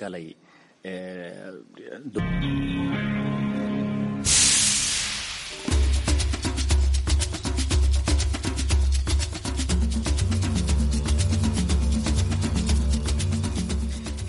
galay. Eh,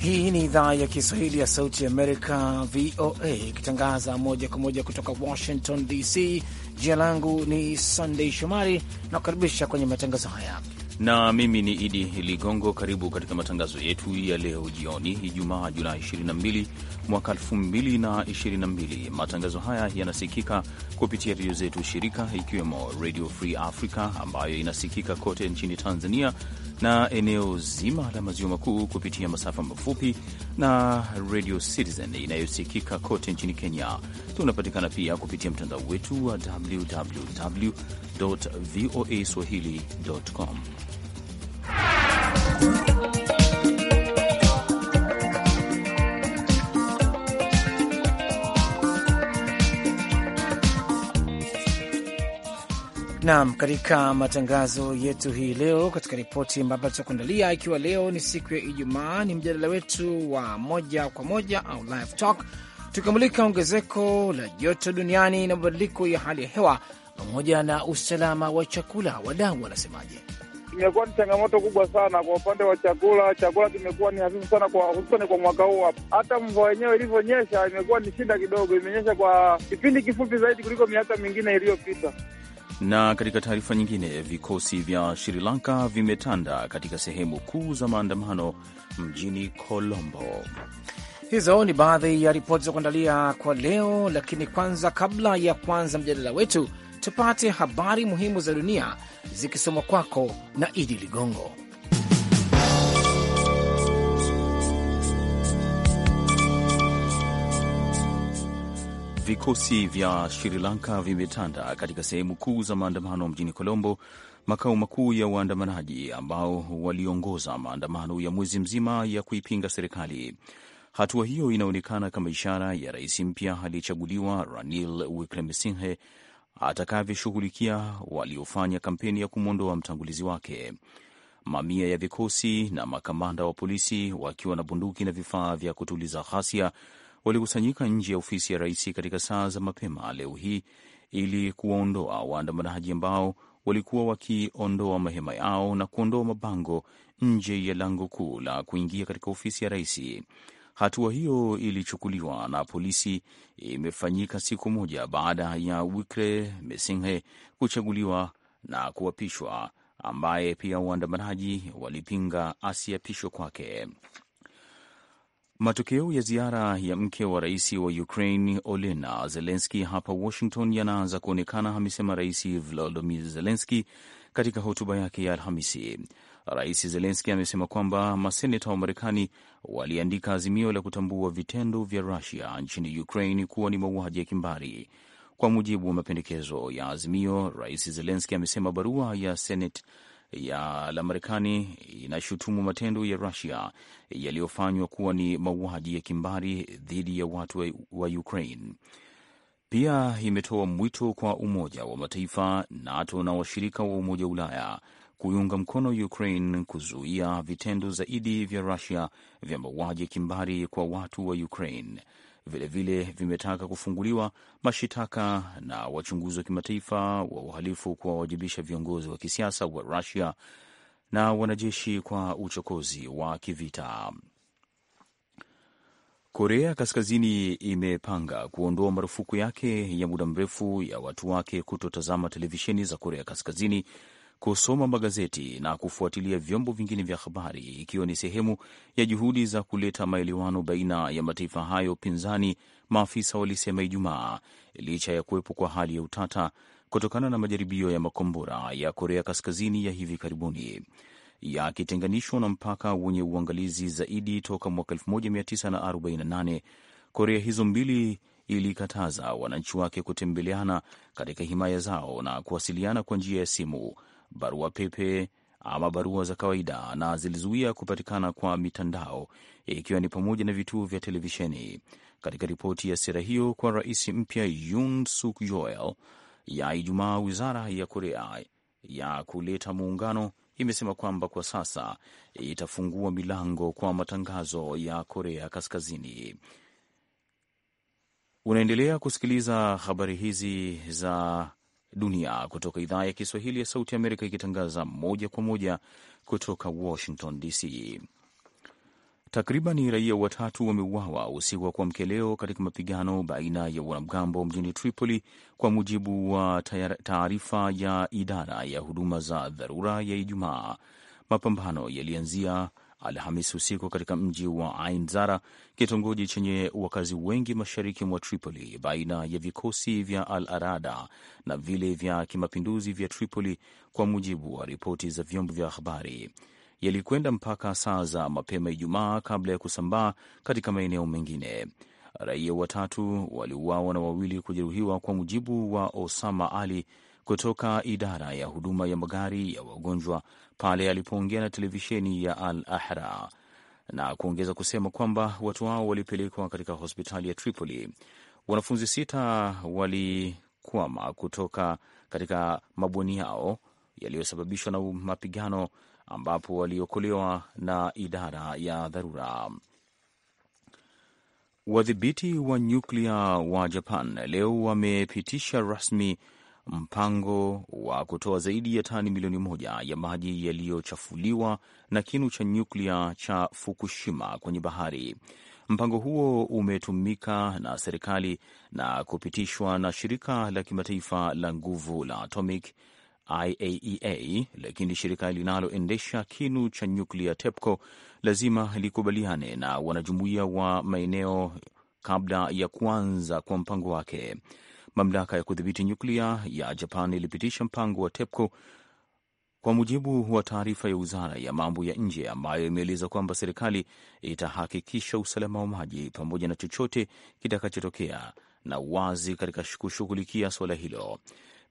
Hii ni idhaa ya Kiswahili ya Sauti Amerika, VOA, ikitangaza moja kwa moja kutoka Washington DC. Jina langu ni Sandei Shomari na kukaribisha kwenye matangazo haya na mimi ni Idi Ligongo. Karibu katika matangazo yetu ya leo jioni, Ijumaa Julai 22 mwaka 2022. Matangazo haya yanasikika kupitia redio zetu shirika, ikiwemo Radio Free Africa ambayo inasikika kote nchini Tanzania na eneo zima la maziwa makuu kupitia masafa mafupi na Radio Citizen inayosikika kote nchini Kenya. Tunapatikana pia kupitia mtandao wetu wa www voa swahili.com. Nam, katika matangazo yetu hii leo, katika ripoti ambapo tutakuandalia, ikiwa leo ni siku ya Ijumaa, ni mjadala wetu wa moja kwa moja au live talk, tukimulika ongezeko la joto duniani na mabadiliko ya hali ya hewa pamoja na usalama wa chakula. Wadau wanasemaje? imekuwa ni changamoto kubwa sana kwa upande wa chakula. Chakula kimekuwa ni hafifu sana, kwa hususani kwa mwaka huu hapa. Hata mvua yenyewe ilivyonyesha imekuwa ni shida kidogo, imenyesha kwa kipindi kifupi zaidi kuliko miaka mingine iliyopita. Na katika taarifa nyingine, vikosi vya Sri Lanka vimetanda katika sehemu kuu za maandamano mjini Colombo. Hizo ni baadhi ya ripoti za kuandalia kwa leo, lakini kwanza, kabla ya kuanza mjadala wetu tupate habari muhimu za dunia zikisomwa kwako na Idi Ligongo. Vikosi vya Sri Lanka vimetanda katika sehemu kuu za maandamano mjini Colombo, makao makuu ya waandamanaji ambao waliongoza maandamano ya mwezi mzima ya kuipinga serikali. Hatua hiyo inaonekana kama ishara ya rais mpya aliyechaguliwa Ranil Wickremesinghe atakavyoshughulikia waliofanya kampeni ya kumwondoa mtangulizi wake. Mamia ya vikosi na makamanda wa polisi wakiwa na bunduki na vifaa vya kutuliza ghasia walikusanyika nje ya ofisi ya rais katika saa za mapema leo hii ili kuwaondoa waandamanaji ambao walikuwa wakiondoa mahema yao na kuondoa mabango nje ya lango kuu la kuingia katika ofisi ya raisi Hatua hiyo ilichukuliwa na polisi imefanyika siku moja baada ya Wikre Mesinghe kuchaguliwa na kuapishwa, ambaye pia waandamanaji walipinga asiapishwe kwake. Matokeo ya ziara ya mke wa rais wa Ukraine Olena Zelenski hapa Washington yanaanza kuonekana, amesema Rais Volodymyr Zelenski katika hotuba yake ya Alhamisi. Rais Zelenski amesema kwamba maseneta wa Marekani waliandika azimio la kutambua vitendo vya Rusia nchini Ukraine kuwa ni mauaji ya kimbari. Kwa mujibu wa mapendekezo ya azimio, Rais Zelenski amesema barua ya Senate ya la Marekani inashutumu matendo ya Rusia yaliyofanywa kuwa ni mauaji ya kimbari dhidi ya watu wa, wa Ukraine. Pia imetoa mwito kwa Umoja wa Mataifa, NATO na washirika wa Umoja wa Ulaya kuiunga mkono Ukraine kuzuia vitendo zaidi vya Rusia vya mauaji ya kimbari kwa watu wa Ukraine. Vilevile vimetaka kufunguliwa mashitaka na wachunguzi wa kimataifa wa uhalifu kuwawajibisha viongozi wa kisiasa wa Rusia na wanajeshi kwa uchokozi wa kivita. Korea Kaskazini imepanga kuondoa marufuku yake ya muda mrefu ya watu wake kutotazama televisheni za Korea Kaskazini kusoma magazeti na kufuatilia vyombo vingine vya habari, ikiwa ni sehemu ya juhudi za kuleta maelewano baina ya mataifa hayo, pinzani maafisa walisema Ijumaa, licha ya kuwepo kwa hali ya utata kutokana na majaribio ya makombora ya Korea Kaskazini ya hivi karibuni yakitenganishwa na mpaka wenye uangalizi zaidi toka mwaka 1948 Korea hizo mbili ilikataza wananchi wake kutembeleana katika himaya zao na kuwasiliana kwa njia ya simu barua pepe ama barua za kawaida na zilizuia kupatikana kwa mitandao ikiwa ni pamoja na vituo vya televisheni. Katika ripoti ya sera hiyo kwa rais mpya Yoon Suk Yeol ya Ijumaa, wizara ya Korea ya kuleta muungano imesema kwamba kwa sasa itafungua milango kwa matangazo ya Korea Kaskazini. Unaendelea kusikiliza habari hizi za dunia kutoka idhaa ya Kiswahili ya Sauti Amerika, ikitangaza moja kwa moja kutoka Washington DC. Takribani raia watatu wameuawa usiku wa kuamkia leo katika mapigano baina ya wanamgambo mjini Tripoli, kwa mujibu wa taarifa ya idara ya huduma za dharura ya Ijumaa. Mapambano yalianzia Alhamis usiku katika mji wa Ain Zara, kitongoji chenye wakazi wengi mashariki mwa Tripoli, baina ya vikosi vya Al Arada na vile vya kimapinduzi vya Tripoli, kwa mujibu wa ripoti za vyombo vya habari. Yalikwenda mpaka saa za mapema Ijumaa kabla ya kusambaa katika maeneo mengine. Raia watatu waliuawa na wawili kujeruhiwa, kwa mujibu wa Osama Ali, kutoka idara ya huduma ya magari ya wagonjwa pale alipoongea na televisheni ya Al Ahra na kuongeza kusema kwamba watu hao walipelekwa katika hospitali ya Tripoli. Wanafunzi sita walikwama kutoka katika mabweni yao yaliyosababishwa na mapigano, ambapo waliokolewa na idara ya dharura. Wadhibiti wa nyuklia wa Japan leo wamepitisha rasmi mpango wa kutoa zaidi ya tani milioni moja ya maji yaliyochafuliwa na kinu cha nyuklia cha Fukushima kwenye bahari. Mpango huo umetumika na serikali na kupitishwa na shirika la kimataifa la nguvu la Atomic, IAEA, e lakini shirika linaloendesha kinu cha nyuklia TEPCO lazima likubaliane na wanajumuiya wa maeneo kabla ya kuanza kwa mpango wake mamlaka ya kudhibiti nyuklia ya Japan ilipitisha mpango wa TEPCO kwa mujibu wa taarifa ya wizara ya mambo ya nje ambayo imeeleza kwamba serikali itahakikisha usalama wa maji pamoja na chochote kitakachotokea na uwazi katika kushughulikia suala hilo.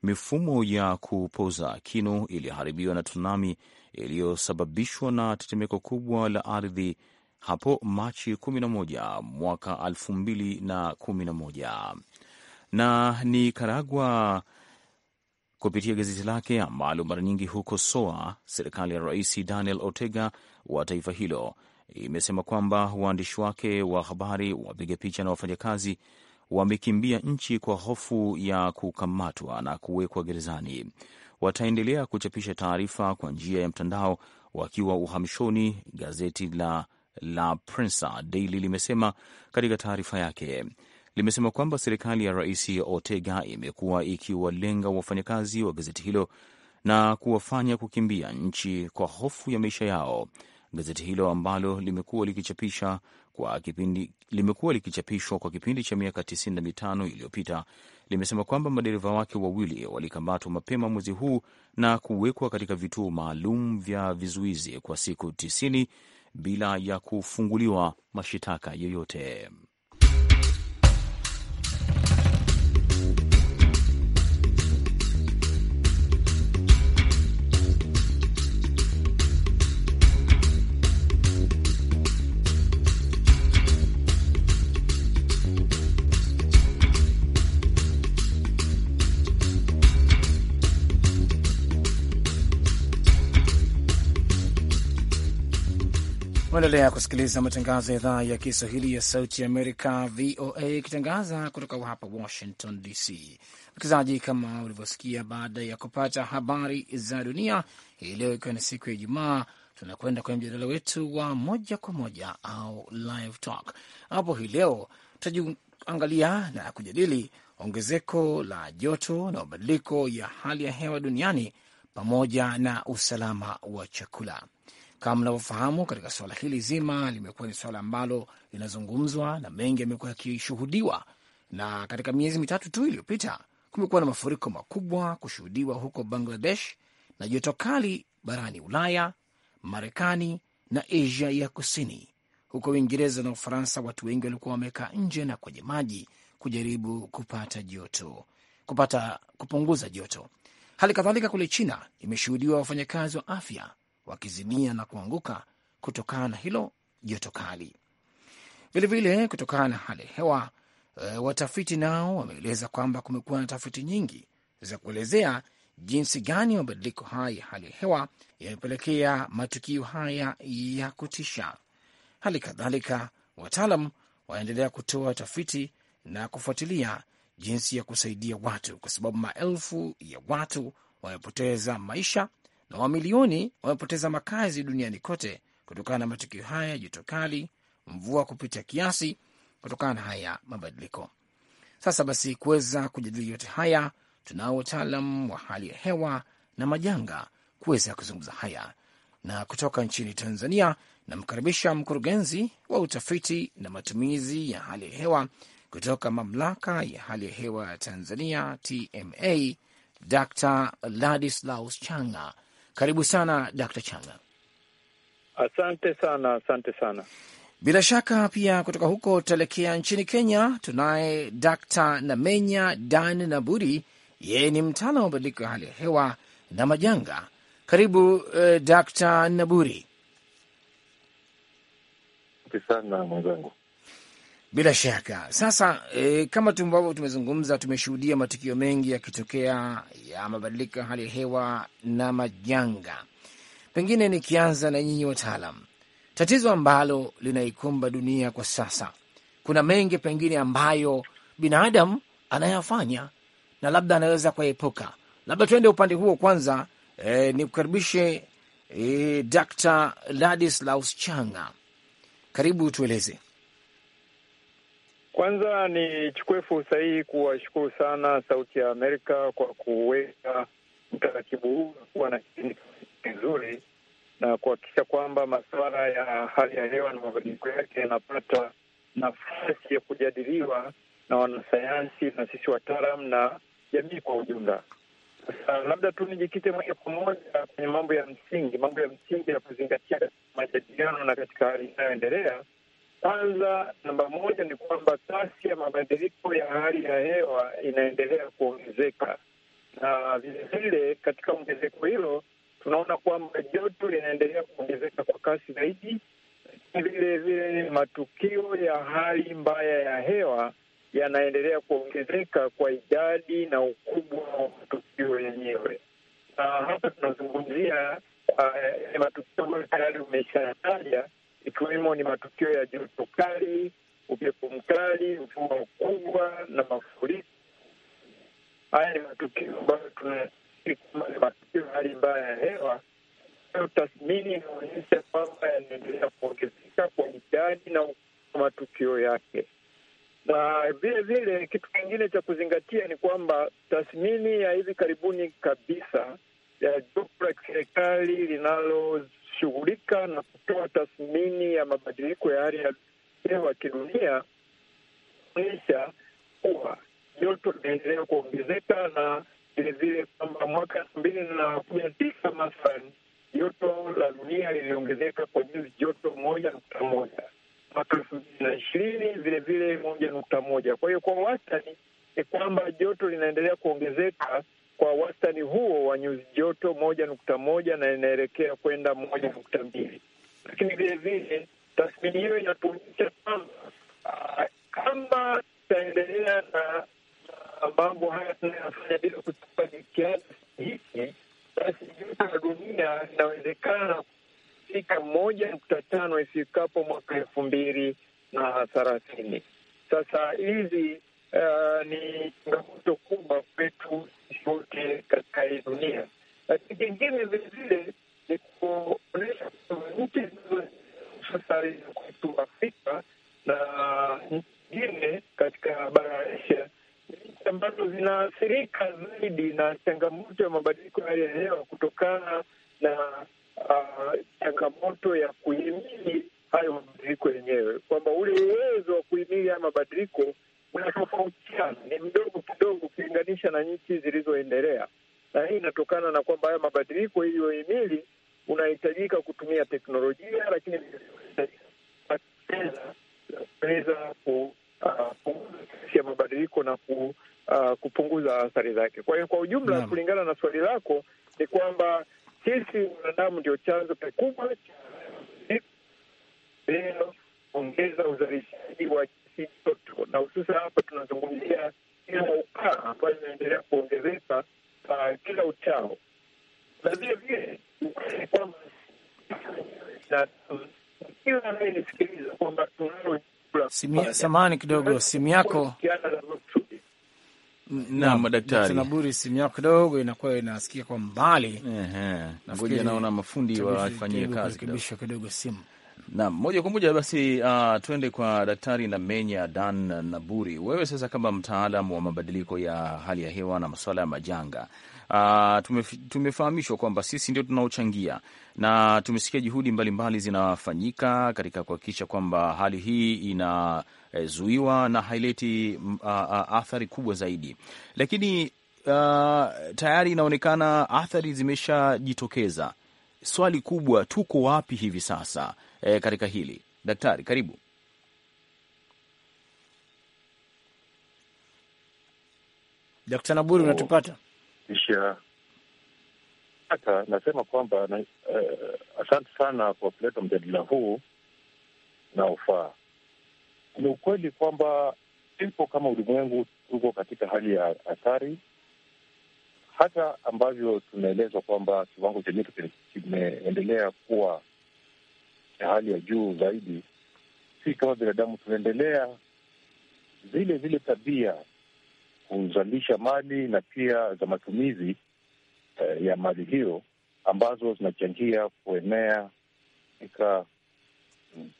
Mifumo ya kupoza kinu iliyoharibiwa na tsunami iliyosababishwa na tetemeko kubwa la ardhi hapo Machi 11 mwaka 2011 na Nikaragua kupitia gazeti lake ambalo mara nyingi hukosoa serikali ya Rais Daniel Ortega wa taifa hilo imesema kwamba waandishi wake wa habari, wapiga picha na wafanyakazi wamekimbia nchi kwa hofu ya kukamatwa na kuwekwa gerezani. Wataendelea kuchapisha taarifa kwa njia ya mtandao wakiwa uhamishoni, gazeti la La Prensa Daily limesema katika taarifa yake limesema kwamba serikali ya Rais Ortega imekuwa ikiwalenga wafanyakazi wa gazeti hilo na kuwafanya kukimbia nchi kwa hofu ya maisha yao. Gazeti hilo ambalo limekuwa likichapisha kwa kipindi, limekuwa likichapishwa kwa kipindi cha miaka 95 iliyopita limesema kwamba madereva wake wawili walikamatwa mapema mwezi huu na kuwekwa katika vituo maalum vya vizuizi kwa siku 90 bila ya kufunguliwa mashitaka yoyote. Unaendelea kusikiliza matangazo ya idhaa ya Kiswahili ya Sauti ya Amerika, VOA, ikitangaza kutoka hapa Washington DC. Msikilizaji, kama ulivyosikia, baada ya kupata habari za dunia hii leo, ikiwa ni siku ya Ijumaa, tunakwenda kwenye mjadala wetu wa moja kwa moja au live talk, ambapo hii leo tutajiangalia na kujadili ongezeko la joto na mabadiliko ya hali ya hewa duniani pamoja na usalama wa chakula. Kama mnavyofahamu, katika suala hili zima limekuwa ni swala ambalo linazungumzwa na mengi yamekuwa yakishuhudiwa, na katika miezi mitatu tu iliyopita kumekuwa na mafuriko makubwa kushuhudiwa huko Bangladesh na joto kali barani Ulaya, Marekani na Asia ya Kusini. Huko Uingereza na Ufaransa, watu wengi walikuwa wamekaa nje na kwenye maji kujaribu kupata joto, kupata kupunguza joto. Hali kadhalika kule China imeshuhudiwa wafanyakazi wa afya wakizimia na kuanguka kutokana na hilo joto kali. Vilevile, kutokana na hali ya hewa e, watafiti nao wameeleza kwamba kumekuwa na tafiti nyingi za kuelezea jinsi gani mabadiliko haya ya hali ya hewa yamepelekea matukio haya ya kutisha. Hali kadhalika, wataalam wanaendelea kutoa tafiti na kufuatilia jinsi ya kusaidia watu, kwa sababu maelfu ya watu wamepoteza maisha na mamilioni wamepoteza makazi duniani kote kutokana na matukio haya ya joto kali, mvua kupita kiasi, kutokana na haya mabadiliko. Sasa basi, kuweza kujadili yote haya, tunao wataalam wa hali ya hewa na majanga kuweza kuzungumza haya, na kutoka nchini Tanzania namkaribisha mkurugenzi wa utafiti na matumizi ya hali ya hewa kutoka mamlaka ya hali ya hewa ya Tanzania TMA, Dr Ladislaus Changa. Karibu sana Dr. Changa. Asante sana, asante sana. Bila shaka pia kutoka huko tutaelekea nchini Kenya. Tunaye Dr. Namenya Dan Naburi, yeye ni mtaalamu wa mabadiliko ya hali ya hewa na majanga. Karibu eh, Dr. Naburi. Sana mwenzangu. Bila shaka sasa, e, kama ambavyo tumezungumza, tumeshuhudia matukio mengi yakitokea ya mabadiliko ya hali ya hewa na majanga. Pengine nikianza na nyinyi wataalam, tatizo ambalo linaikumba dunia kwa sasa, kuna mengi pengine ambayo binadamu anayafanya na labda anaweza kuyaepuka. Labda tuende upande huo kwanza. E, nikukaribishe e, eh, Dkt. Ladislaus Changa, karibu tueleze. Kwanza nichukue fursa hii kuwashukuru sana Sauti ya Amerika kwa kuweka utaratibu huu kuwa na kipindi kizuri na kuhakikisha kwamba masuala ya hali ya hewa na mabadiliko yake yanapata nafasi ya kujadiliwa na wanasayansi na sisi wataalam na jamii kwa ujumla. Sasa labda tu nijikite moja kwa moja kwenye mambo ya msingi, mambo ya msingi ya kuzingatia katika majadiliano na katika hali inayoendelea kwanza, namba moja ni kwamba kasi ya mabadiliko ya hali ya hewa inaendelea kuongezeka, na vilevile katika ongezeko hilo tunaona kwamba joto linaendelea kuongezeka kwa kasi zaidi, lakini vilevile matukio ya hali mbaya ya hewa yanaendelea kuongezeka kwa idadi na ukubwa wa matukio yenyewe. Na hapa tunazungumzia uh, matukio ambayo tayari umeshataja ikiwemo ni matukio ya joto kali, upepo mkali, mvua kubwa na mafuriko. Haya ni matukio ambayo tunai ni matukio hali mbaya ya hewa. Tathmini inaonyesha kwamba yanaendelea kuongezeka kwa idadi na matukio yake, na vile vile kitu kingine cha kuzingatia ni kwamba tathmini ya hivi karibuni kabisa ya jopo la kiserikali linalo kushughulika na kutoa tathmini ya mabadiliko ya hali ya hewa kidunia onyesha kuwa joto linaendelea kuongezeka na vilevile kwamba mwaka elfu mbili na kumi na tisa mathalan joto la dunia liliongezeka kwa nyuzi joto moja nukta moja mwaka elfu mbili na ishirini vilevile moja nukta moja kwa hiyo kwa wastani ni kwamba joto linaendelea kuongezeka kwa wastani huo wa nyuzi joto moja nukta moja na inaelekea kwenda moja nukta mbili lakini vilevile tathmini hiyo inatuonyesha kwamba ah, kama tutaendelea na mambo haya tunayofanya bila kuchukua jitihada hiki, basi joto la dunia inawezekana kufika moja nukta tano ifikapo mwaka elfu mbili na thelathini. Sasa hizi uh, ni changamoto kubwa kwetu sote katika hii dunia, lakini pengine vilevile ni kuonyesha nchi hususani kwetu Afrika na nchi nyingine katika bara ya Asia nchi ambazo zinaathirika zaidi na changamoto ya mabadiliko ya hali ya hewa kutokana na uh, changamoto ya kuhimili hayo mabadiliko yenyewe, kwamba ule uwezo wa kuhimili haya mabadiliko unatofautiana, ni mdogo kidogo ukilinganisha na nchi zilizoendelea, na hii inatokana na kwamba haya mabadiliko iliyohimili unahitajika kutumia teknolojia, lakini kuweza kupunguza ah, mabadiliko na ku, uh, kupunguza athari zake. Kwa hiyo kwa ujumla yeah, kulingana na swali lako ni kwamba sisi wanadamu ndio chanzo kikubwa cha ongeza uzalishaji wa si na hususan hapa tunazungumzia ambayo inaendelea kuongezeka ah, kila uchao, na vile vile ukweli kwamba kila anayenisikiliza kwamba tunalo samani kidogo simu yako Naam, daktari Naburi, simu yako kidogo inakuwa inasikia kwa mbali. Ngoja naona mafundi wafanyie kazi kidogo simu Naam, moja kwa moja basi, uh, ah, tuende kwa Daktari na menya Dan Naburi. Wewe sasa kama mtaalam wa mabadiliko ya hali ya hewa na masuala ya majanga Uh, ah, tumef, tumefahamishwa kwamba sisi ndio tunaochangia na tumesikia juhudi mbalimbali zinafanyika katika kuhakikisha kwamba hali hii inazuiwa eh, na haileti uh, uh, athari kubwa zaidi, lakini uh, tayari inaonekana athari zimeshajitokeza. Swali kubwa, tuko wapi hivi sasa? eh, katika hili daktari, karibu. Daktari Naburi, oh. unatupata? hata nasema kwamba na, eh, asante sana kwa kuleta mjadala huu unaofaa. Ni ukweli kwamba ipo kama ulimwengu tuko katika hali ya hatari, hata ambavyo tunaelezwa kwamba kiwango cha joto kimeendelea kuwa ya hali ya juu zaidi. Si kama binadamu tunaendelea zile zile tabia kuzalisha mali na pia za matumizi eh, ya mali hiyo ambazo zinachangia kuenea katika mm,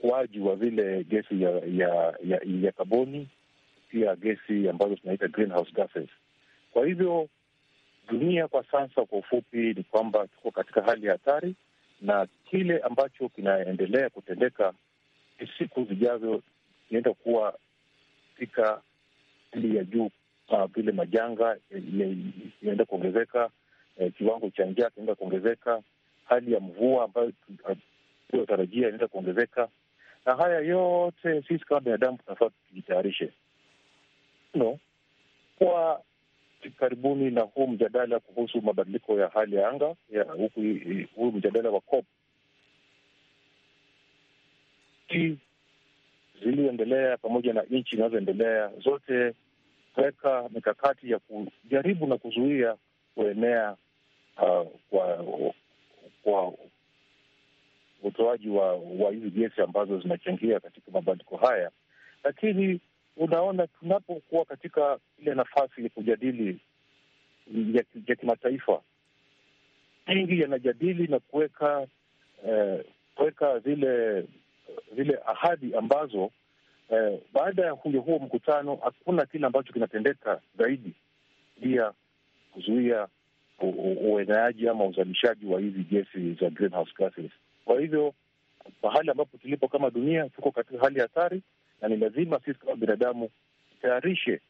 ukuaji wa vile gesi ya ya ya, ya kaboni pia gesi ambazo tunaita greenhouse gases. Kwa hivyo dunia kwa sasa, kwa ufupi, ni kwamba tuko katika hali ya hatari, na kile ambacho kinaendelea kutendeka siku zijazo inaenda kuwa katika hali ya juu ah, vile uh, majanga inaenda kuongezeka, eh, kiwango cha njaa kinaenda kuongezeka, hali ya mvua ambayo tuliyotarajia ah, uh, inaenda kuongezeka, na haya yote sisi kama binadamu tunafaa tujitayarishe no kwa karibuni na huu mjadala kuhusu mabadiliko ya hali ya anga ya huku, huu mjadala wa COP zilizoendelea pamoja na nchi zinazoendelea zote kuweka mikakati ya kujaribu na kuzuia kuenea uh, kwa kwa utoaji wa hizi gesi ambazo zinachangia katika mabadiliko haya, lakini unaona, tunapokuwa katika ile nafasi ya kujadili ya kimataifa, mengi yanajadili na kuweka eh, kuweka zile zile ahadi ambazo eh, baada ya huyo huo mkutano hakuna kile ambacho kinatendeka zaidi pia kuzuia ueneaji ama uzalishaji wa hizi gesi za greenhouse gases. Kwa hivyo pahali ambapo tulipo kama dunia, tuko katika hali hatari, na ni lazima sisi kama binadamu tutayarishe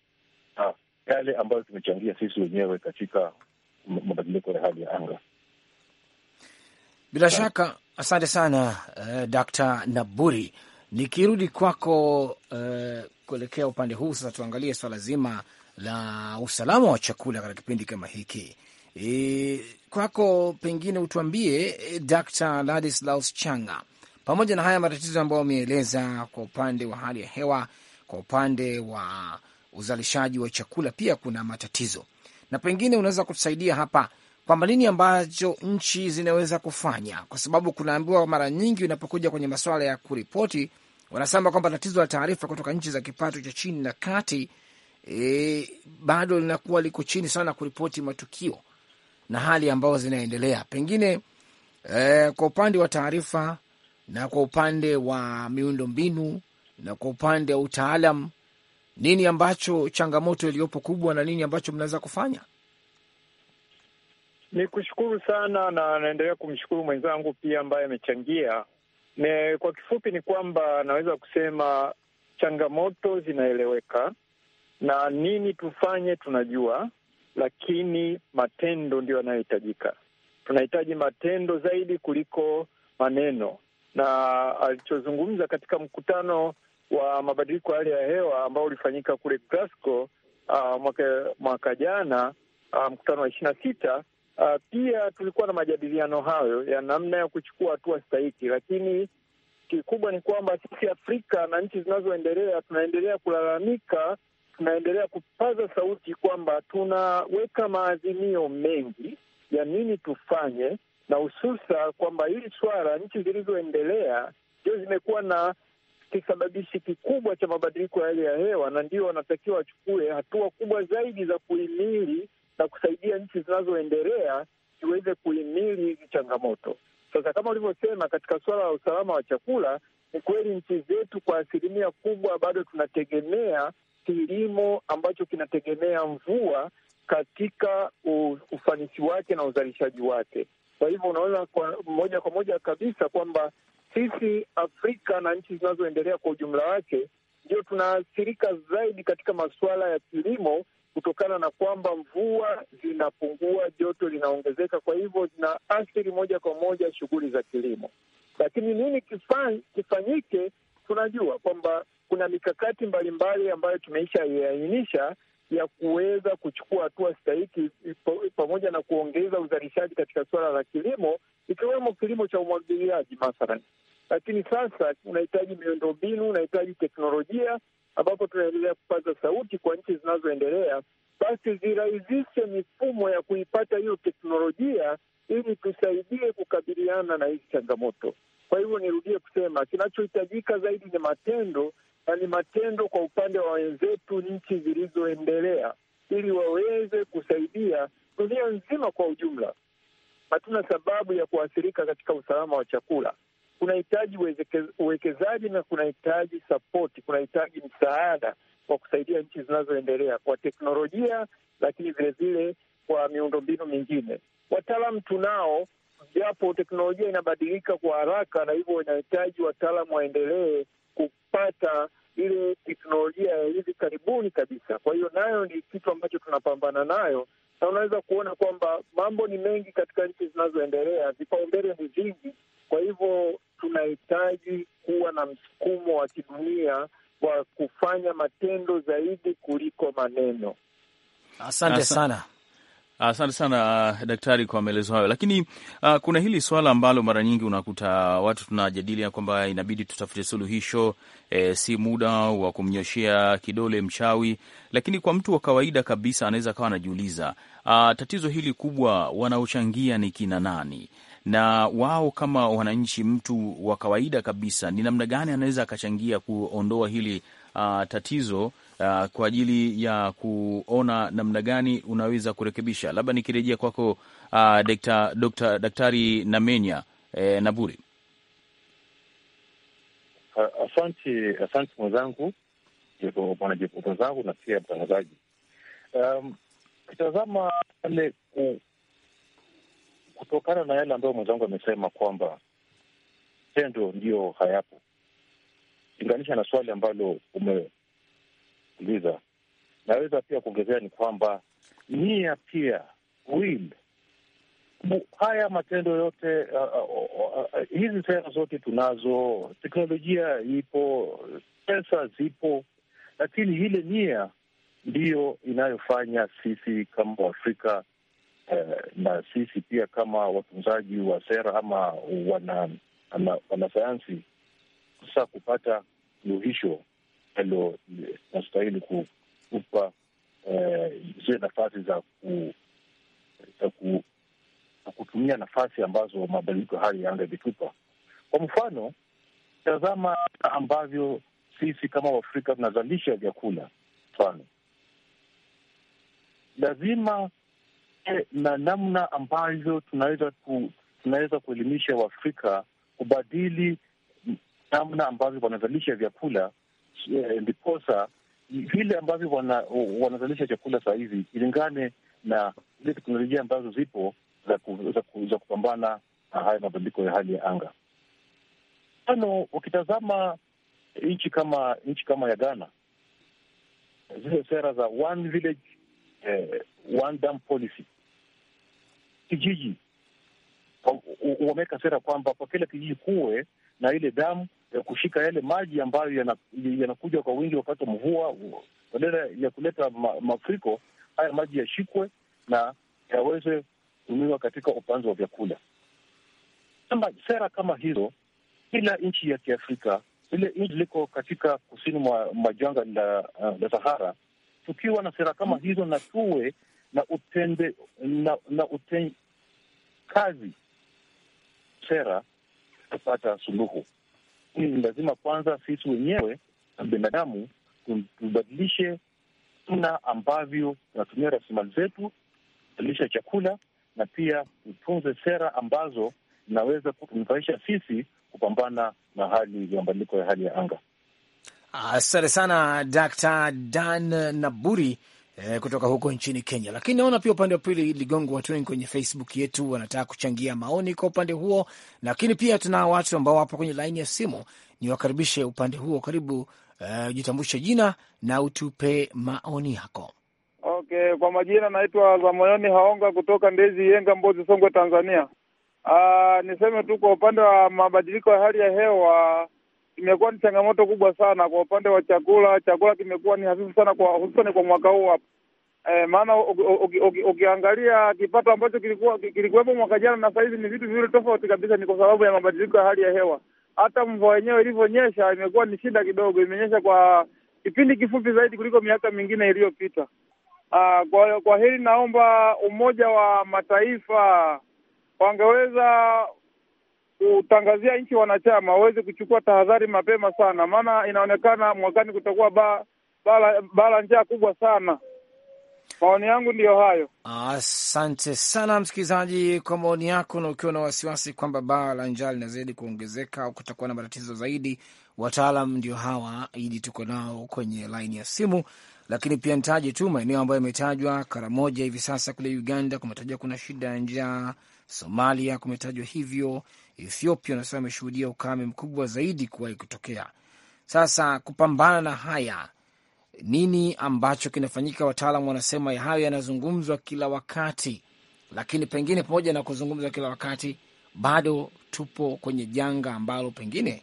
ah, yale ambayo tumechangia sisi wenyewe katika mabadiliko ya hali ya anga. Bila shaka, asante sana uh, Dr. Naburi. Nikirudi kwako uh, kuelekea upande huu sasa, tuangalie swala zima la usalama wa chakula katika kipindi kama hiki. E, kwako pengine utuambie Dr. Ladislaus Changa, pamoja na haya matatizo ambayo wameeleza kwa upande wa hali ya hewa, kwa upande wa uzalishaji wa chakula, pia kuna matatizo, na pengine unaweza kutusaidia hapa kwamba nini ambacho nchi zinaweza kufanya, kwa sababu kunaambiwa mara nyingi unapokuja kwenye masuala ya kuripoti, wanasema kwamba tatizo la taarifa kutoka nchi za kipato cha chini na kati e, bado linakuwa liko chini sana kuripoti matukio na hali ambazo zinaendelea. Pengine e, kwa upande wa taarifa na kwa upande wa miundo mbinu na kwa upande wa utaalam, nini ambacho changamoto iliyopo kubwa na nini ambacho mnaweza kufanya? Ni kushukuru sana na naendelea kumshukuru mwenzangu pia ambaye amechangia. kwa kifupi ni kwamba naweza kusema changamoto zinaeleweka na nini tufanye tunajua, lakini matendo ndio yanayohitajika. Tunahitaji matendo zaidi kuliko maneno, na alichozungumza katika mkutano wa mabadiliko ya hali ya hewa ambao ulifanyika kule Glasgow uh, mwaka, mwaka jana uh, mkutano wa ishirini na sita uh, pia tulikuwa na majadiliano hayo ya namna ya kuchukua hatua stahiki, lakini kikubwa ni kwamba sisi Afrika na nchi zinazoendelea tunaendelea kulalamika, tunaendelea kupaza sauti kwamba tunaweka maazimio mengi ya nini tufanye na hususa kwamba hili swala, nchi zilizoendelea ndio zimekuwa na kisababishi kikubwa cha mabadiliko ya hali ya hewa, na ndio wanatakiwa wachukue hatua kubwa zaidi za kuhimili na kusaidia nchi zinazoendelea ziweze kuhimili hizi changamoto. Sasa kama ulivyosema, katika suala la usalama wa chakula, ni kweli nchi zetu kwa asilimia kubwa bado tunategemea kilimo ambacho kinategemea mvua katika ufanisi wake na uzalishaji wake. Kwa hivyo unaona kwa moja kwa moja kabisa kwamba sisi Afrika na nchi zinazoendelea kwa ujumla wake ndio tunaathirika zaidi katika masuala ya kilimo, kutokana na kwamba mvua zinapungua, joto linaongezeka, kwa hivyo zinaathiri moja kwa moja shughuli za kilimo. Lakini nini kifanyike? Tunajua kwamba kuna mikakati mbalimbali ambayo tumeisha iainisha ya kuweza kuchukua hatua stahiki pamoja na kuongeza uzalishaji katika suala la kilimo, ikiwemo kilimo cha umwagiliaji mathalan. Lakini sasa unahitaji miundombinu, unahitaji teknolojia, ambapo tunaendelea kupaza sauti kwa nchi zinazoendelea, basi zirahisishe mifumo ya kuipata hiyo teknolojia ili tusaidie kukabiliana na hizi changamoto. Kwa hivyo nirudie kusema kinachohitajika zaidi ni matendo na ni matendo kwa upande wa wenzetu nchi zilizoendelea, ili waweze kusaidia dunia nzima kwa ujumla. Hatuna sababu ya kuathirika katika usalama wa chakula. Kunahitaji uwekezaji na kunahitaji sapoti, kunahitaji msaada wa kusaidia nchi zinazoendelea kwa teknolojia, lakini vilevile kwa miundombinu mingine. Wataalamu tunao, japo teknolojia inabadilika kwa haraka, na hivyo inahitaji wataalamu waendelee kupata ile teknolojia ya hivi karibuni kabisa. Kwa hiyo nayo ni kitu ambacho tunapambana nayo, na unaweza kuona kwamba mambo ni mengi katika nchi zinazoendelea, vipaumbele ni vingi. Kwa hivyo tunahitaji kuwa na msukumo wa kidunia wa kufanya matendo zaidi kuliko maneno. Asante sana. Asante sana eh, daktari kwa maelezo hayo, lakini uh, kuna hili swala ambalo mara nyingi unakuta watu tunajadili kwamba inabidi tutafute suluhisho e, si muda wa kumnyoshea kidole mchawi, lakini kwa mtu wa kawaida kabisa anaweza akawa anajiuliza uh, tatizo hili kubwa wanaochangia ni kina nani, na wao kama wananchi, mtu wa kawaida kabisa ni namna gani anaweza akachangia kuondoa hili uh, tatizo uh, kwa ajili ya kuona namna gani unaweza kurekebisha. Labda nikirejea kwako, uh, Daktari Namenya eh, Naburi. Asante, asante mwenzangu, bwana mwenzangu na pia mtangazaji. Um, kitazama pale kutokana na yale ambayo mwenzangu amesema kwamba tendo ndiyo hayapo, linganisha na swali ambalo ume kusikiliza. Naweza pia kuongezea ni kwamba nia pia will haya matendo yote uh, uh, uh, uh, uh hizi sera zote tunazo, teknolojia ipo, pesa zipo, lakini ile nia ndiyo inayofanya sisi kama Waafrika uh, na sisi pia kama watunzaji wa sera ama wanasayansi wana sasa kupata suluhisho ambalo nastahili kupa eh, zile nafasi za kutumia nafasi ambazo mabadiliko hayo hali ya anga imetupa. Kwa mfano, tazama ambavyo sisi kama Waafrika tunazalisha vyakula. Mfano, lazima eh, na namna ambavyo tunaweza ku, tunaweza kuelimisha Waafrika kubadili namna ambavyo wanazalisha vyakula Eh, ndiposa vile ambavyo wana, wanazalisha chakula saa hizi ilingane na zile teknolojia ambazo zipo za, ku, za, ku, za kupambana na haya mabadiliko ya hali ya anga. Mfano, ukitazama nchi kama nchi kama ya Ghana, zile sera za one village eh, one dam policy, kijiji wameweka sera kwamba kwa kila kijiji kuwe na ile damu ya kushika yale maji ambayo yanakuja kwa wingi wakati wa mvua, badala ya kuleta ma, mafuriko haya maji yashikwe na yaweze kutumiwa katika upanzi wa vyakula. Kama sera kama hizo, kila nchi ya Kiafrika, ile nchi liko katika kusini mwa majanga la, uh, la Sahara, tukiwa na sera kama hizo na tuwe na utende na, na uten, kazi sera tutapata suluhu ni lazima kwanza sisi wenyewe na binadamu tubadilishe tuna ambavyo tunatumia rasilimali zetu kubadilisha chakula, na pia tutunze sera ambazo zinaweza kutunufaisha sisi kupambana na hali ya mabadiliko ya hali ya anga. Asante sana Dkt. Dan Naburi e, kutoka huko nchini Kenya. Lakini naona pia upande wa pili ligongo, watu wengi kwenye Facebook yetu wanataka kuchangia maoni kwa upande huo, lakini pia tuna watu ambao wapo kwenye laini ya simu, ni wakaribishe upande huo. Karibu eh, jitambushe jina na utupe maoni yako. Okay, kwa majina naitwa Zamoyoni Haonga kutoka Ndezi Yenga, Mbozi, Songwe, Tanzania. Aa, ah, niseme tu kwa upande wa mabadiliko ya hali ya hewa imekuwa ni changamoto kubwa sana kwa upande wa chakula. Chakula kimekuwa ni hafifu sana kwa hususani kwa mwaka huu hapa eh, maana ukiangalia kipato ambacho kilikuwa kilikuwepo mwaka jana na sahizi ni vitu viwili tofauti kabisa. Ni kwa sababu ya mabadiliko ya hali ya hewa. Hata mvua yenyewe ilivyonyesha imekuwa ni shida kidogo, imenyesha kwa kipindi kifupi zaidi kuliko miaka mingine iliyopita. Uh, kwa, kwa hili naomba Umoja wa Mataifa wangeweza kutangazia nchi wanachama waweze kuchukua tahadhari mapema sana, maana inaonekana mwakani kutakuwa ba, bala, bala njaa kubwa sana. Maoni yangu ndiyo hayo. Asante sana msikilizaji kwa maoni yako, na ukiwa na wasiwasi kwamba baa la njaa linazidi kuongezeka au kutakuwa na matatizo zaidi, wataalam ndio hawa ili tuko nao kwenye laini ya simu. Lakini pia nitaje tu maeneo ambayo yametajwa. Karamoja hivi sasa kule Uganda kumetajwa kuna shida ya njaa, Somalia kumetajwa hivyo, Ethiopia unasema imeshuhudia ukame mkubwa zaidi kuwahi kutokea. Sasa kupambana na haya, nini ambacho kinafanyika? Wataalamu wanasema hayo yanazungumzwa kila wakati, lakini pengine pamoja na kuzungumzwa kila wakati, bado tupo kwenye janga ambalo pengine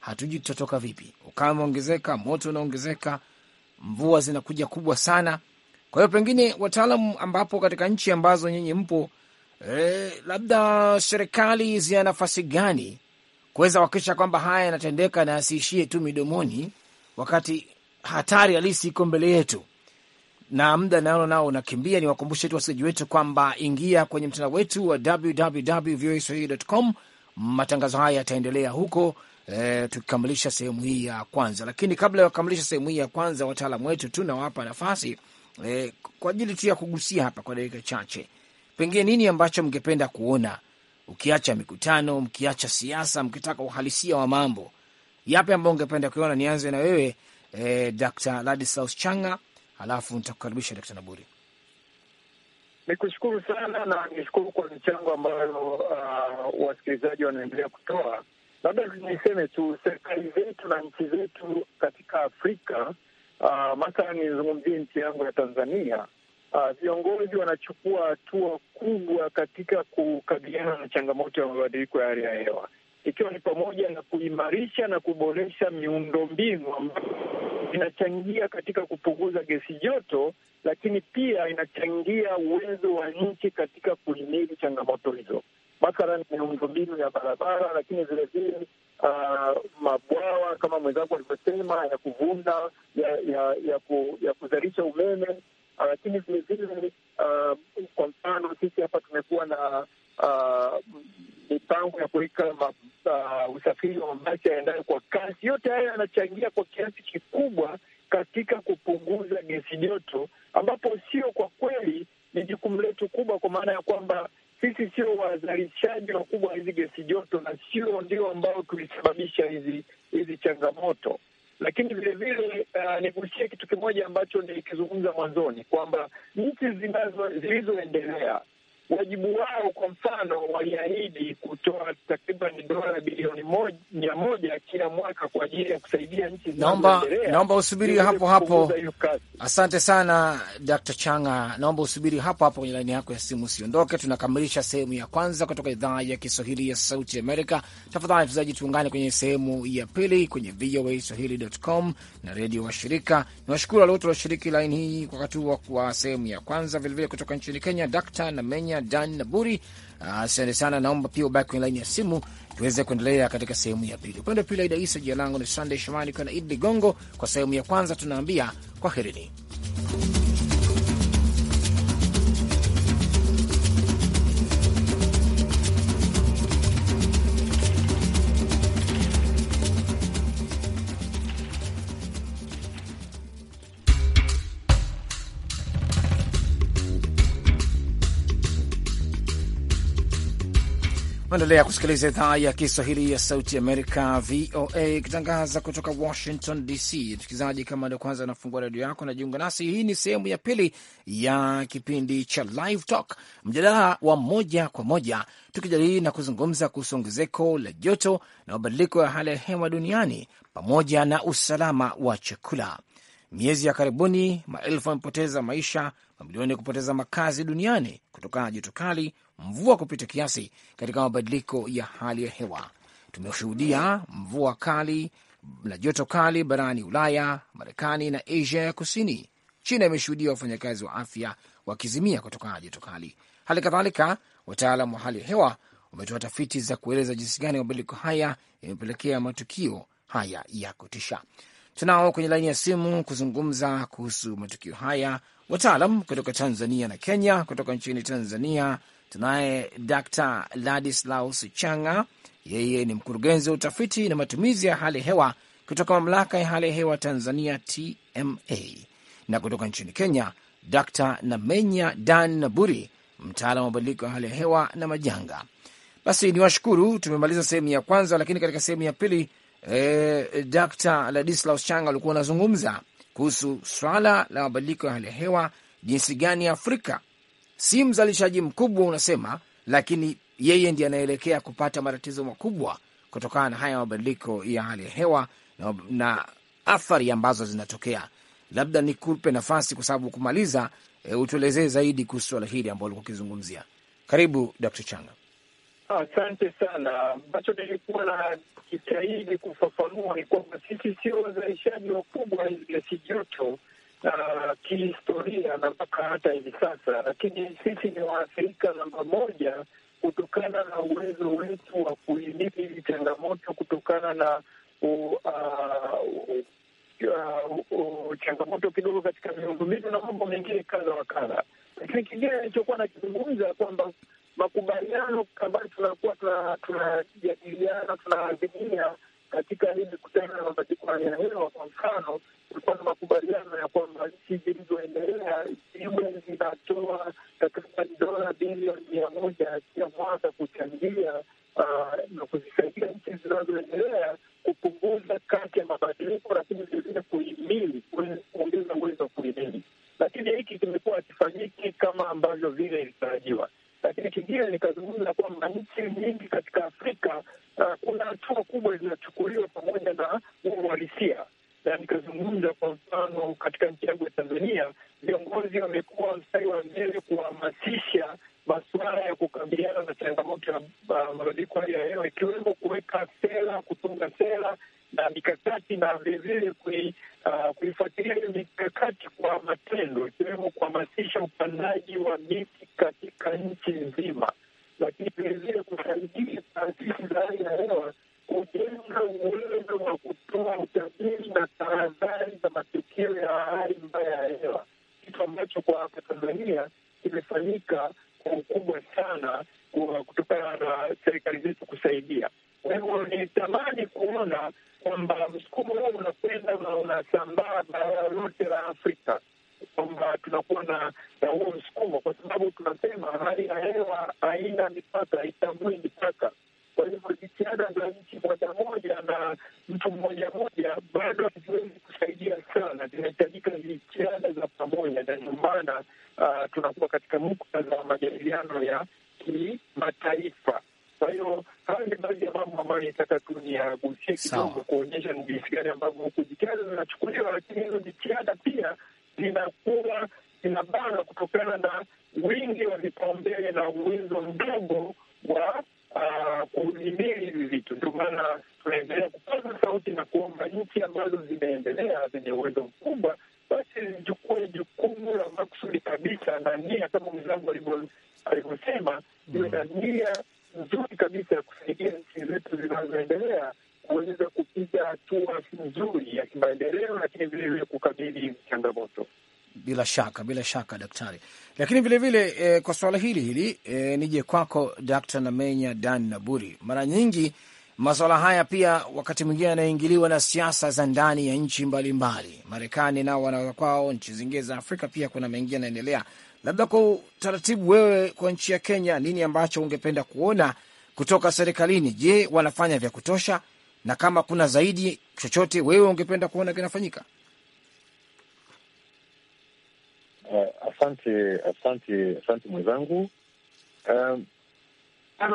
hatujui tutatoka vipi. Ukame umeongezeka, moto unaongezeka, mvua zinakuja kubwa sana. Kwa hiyo pengine wataalamu, ambapo katika nchi ambazo nyinyi mpo e, labda serikali zina nafasi gani kuweza kuhakikisha kwamba haya yanatendeka na yasiishie tu midomoni, wakati hatari halisi iko mbele yetu na muda nao nao unakimbia. Ni wakumbushe tu wasikilizaji wetu kwamba ingia kwenye mtandao wetu wa www.voaswahili.com. Matangazo haya yataendelea huko e, tukikamilisha sehemu hii ya kwanza. Lakini kabla ya kukamilisha sehemu hii ya kwanza, wataalamu wetu tunawapa nafasi e, kwa ajili tu ya kugusia hapa kwa dakika chache pengine nini ambacho mngependa kuona, ukiacha mikutano, mkiacha siasa, mkitaka uhalisia wa mambo, yapi ambayo ungependa kuona? Nianze na wewe eh, Dr. Ladislaus Changa, halafu nitakukaribisha Dr. Naburi. ni kushukuru sana na nishukuru kwa michango ambayo uh, wasikilizaji wanaendelea kutoa. Labda niseme tu serikali zetu na nchi zetu katika Afrika uh, mathalan nizungumzie nchi yangu ya Tanzania Ah, viongozi uh, wanachukua hatua kubwa katika kukabiliana na changamoto ya mabadiliko ya hali ya hewa, ikiwa ni pamoja na kuimarisha na kuboresha miundombinu ambayo inachangia katika kupunguza gesi joto, lakini pia inachangia uwezo wa nchi katika kuhimili changamoto hizo, mathalan miundombinu ya barabara, lakini vilevile uh, ah, mabwawa kama mwenzangu alivyosema ya kuvuna ya, ya, ya, ku, ya kuzalisha umeme Ah, lakini vilevile, um, kwa mfano, sisi hapa tumekuwa na uh, mipango ya kuweka uh, usafiri wa mabasi yaendayo kwa kasi. Yote haya yanachangia kwa kiasi kikubwa katika kupunguza gesi joto, ambapo sio kwa kweli ni jukumu letu kubwa, kwa maana ya kwamba sisi sio wazalishaji wakubwa wa hizi gesi joto na sio ndio ambao tulisababisha hizi hizi changamoto. Lakini vilevile uh, nigusie kitu kimoja ambacho nilikizungumza mwanzoni kwamba nchi zilizoendelea wajibu wao. Kwa mfano, waliahidi kutoa takriban dola bilioni mia moja kila mwaka kwa ajili ya kusaidia nchi. Naomba naomba usubiri hapo hapo. Asante sana Dr. Changa, naomba usubiri hapo hapo kwenye laini yako ya simu, usiondoke. Tunakamilisha sehemu ya kwanza kutoka idhaa ya Kiswahili ya Sauti Amerika. Tafadhali tuzaji, tuungane kwenye sehemu ya pili kwenye VOA Swahili.com na redio washirika. Nawashukuru wale wote walioshiriki laini hii wakati huo wa sehemu ya kwanza, vilevile kutoka nchini Kenya Dr. Namenya Dan Naburi, asante sana. Naomba pia ubaki kwenye laini ya simu tuweze kuendelea katika sehemu ya pili. Upande wa pili, Aida Isa. Jina langu ni Sandey Shomani, ukiwa na Idi Ligongo. Kwa sehemu ya kwanza tunaambia kwaherini. Maendelea kusikiliza idhaa ya Kiswahili ya Sauti Amerika, VOA, ikitangaza kutoka Washington DC. Msikilizaji, kama ndio kwanza anafungua redio yako najiunga nasi, hii ni sehemu ya pili ya kipindi cha Live Talk, mjadala wa moja kwa moja, tukijadili na kuzungumza kuhusu ongezeko la joto na mabadiliko ya hali ya hewa duniani pamoja na usalama wa chakula. Miezi ya karibuni, maelfu yamepoteza maisha, mamilioni kupoteza makazi duniani kutokana na joto kali mvua kupita kiasi katika mabadiliko ya hali ya hewa. Tumeshuhudia mvua kali na joto kali barani Ulaya, Marekani na Asia ya Kusini. China imeshuhudia wafanyakazi wa afya wakizimia kutokana na joto kali. Hali kadhalika, wataalam wa hali ya hewa wametoa tafiti za kueleza jinsi gani mabadiliko haya yamepelekea matukio haya ya kutisha. Tunao kwenye laini ya simu kuzungumza kuhusu matukio haya wataalam kutoka Tanzania na Kenya. Kutoka nchini Tanzania Tunaye Dr Ladislaus Changa, yeye ni mkurugenzi wa utafiti na matumizi ya hali hewa kutoka mamlaka ya hali ya hewa Tanzania, TMA, na kutoka nchini Kenya, Dr Namenya Dan Naburi, mtaalam wa mabadiliko ya hali ya hewa na majanga. Basi ni washukuru, tumemaliza sehemu ya kwanza, lakini katika sehemu ya pili eh, Dr Ladislaus Changa alikuwa anazungumza kuhusu swala la mabadiliko ya hali ya hewa, jinsi gani Afrika si mzalishaji mkubwa unasema, lakini yeye ndiye anaelekea kupata matatizo makubwa kutokana na haya mabadiliko ya hali ya hewa na, na athari ambazo zinatokea. Labda nikupe nafasi kwa sababu kumaliza, e, utuelezee zaidi kuhusu swala hili ambao ulikuwa ukizungumzia. Karibu d Changa. Asante sana. Ambacho nilikuwa na kitahidi kufafanua ni kwamba sisi sio wazalishaji wakubwa wa gesi joto Uh, kihistoria na mpaka hata hivi sasa, lakini sisi ni waathirika namba moja kutokana na uwezo wetu wa kuhimili hizi changamoto kutokana na uh, uh, uh, changamoto kidogo katika miundombinu na mambo mengine kadha wa kadha. Lakini kingine alichokuwa nakizungumza kwamba makubaliano ambayo tunakuwa tunajadiliana tunaazimia tuna katika hii mikutano ya mabadiliko ya hali ya hewa, kwa mfano, kulikuwa na makubaliano ya kwamba nchi zilizoendelea ziwe zinatoa takriban dola bilioni mia moja kila mwaka kuchangia ah, na kuzisaidia nchi zinazoendelea kupunguza kasi ya mabadiliko, lakini vilevile kuhimili, kuongeza uwezo wa kuhimili. Lakini hiki kimekuwa hakifanyiki kama ambavyo vile ilitarajiwa. Lakini kingine nikazungumza kwamba nchi nyingi katika Afrika uh, kuna hatua kubwa zinachukuliwa pamoja na uhalisia na nikazungumza kwa mfano, katika nchi yangu ya Tanzania, viongozi wamekuwa mstari wa mbele kuhamasisha masuala ya kukabiliana na changamoto ya uh, mabadiliko hali ya hewa, ikiwemo kuweka sera, kutunga sera na mikakati na vilevile uh, kuifuatilia hiyo mikakati kwa matendo, ikiwemo kuhamasisha upandaji wa miti katika nchi nzima, lakini vilevile kusaidia taasisi za hali ya hewa kujenga uwezo wa kutoa utabiri na tahadhari za matukio ya hali mbaya ya hewa, kitu ambacho kwa hapa Tanzania kimefanyika kwa ukubwa sana uh, kutokana na serikali zetu kusaidia. Kwa hivyo ni tamani kuona kwamba msukumo huo unakwenda na unasambaa bara lote la Afrika, kwamba tunakuwa na huo msukumo, kwa sababu tunasema hali ya hewa haina mipaka, haitambui mipaka. Kwa hivyo jitihada za nchi moja moja na mtu mmoja moja bado haziwezi kusaidia sana, zinahitajika jitihada za pamoja, na ndio maana ah, tunakuwa katika muktadha wa majadiliano ya kimataifa. Kwa hiyo hayo ni baadhi ya mambo ambayo nitaka tu ni yagusie kidogo, kuonyesha ni jinsi gani ambavyo huku jitihada zinachukuliwa, lakini hizo jitihada pia zinakuwa zinabana kutokana na wingi wa vipaumbele na uwezo mdogo wa Uh, ah, kuhimili hivi vitu. Ndio maana tunaendelea kupaza sauti na kuomba nchi ambazo zimeendelea zenye uwezo mkubwa, basi zichukue jukumu la makusudi kabisa na nia, kama mwenzangu alivyosema, mm. iwe na nia nzuri kabisa ya yanayoendelea kuweza kupiga hatua nzuri ya kimaendeleo, lakini vilevile kukabili changamoto. Bila shaka, bila shaka daktari. Lakini vilevile vile, eh, kwa suala hili hili eh, nije kwako Dkt. Namenya Dan Naburi. Mara nyingi masuala haya pia wakati mwingine yanaingiliwa na siasa za ndani ya nchi mbalimbali. Marekani nao wanaweza kwao, nchi zingine za Afrika pia kuna mengi yanaendelea. Labda kwa utaratibu, wewe kwa nchi ya Kenya, nini ambacho ungependa kuona kutoka serikalini, je, wanafanya vya kutosha? Na kama kuna zaidi chochote wewe ungependa kuona kinafanyika? Uh, asante asante asante mwenzangu. Um,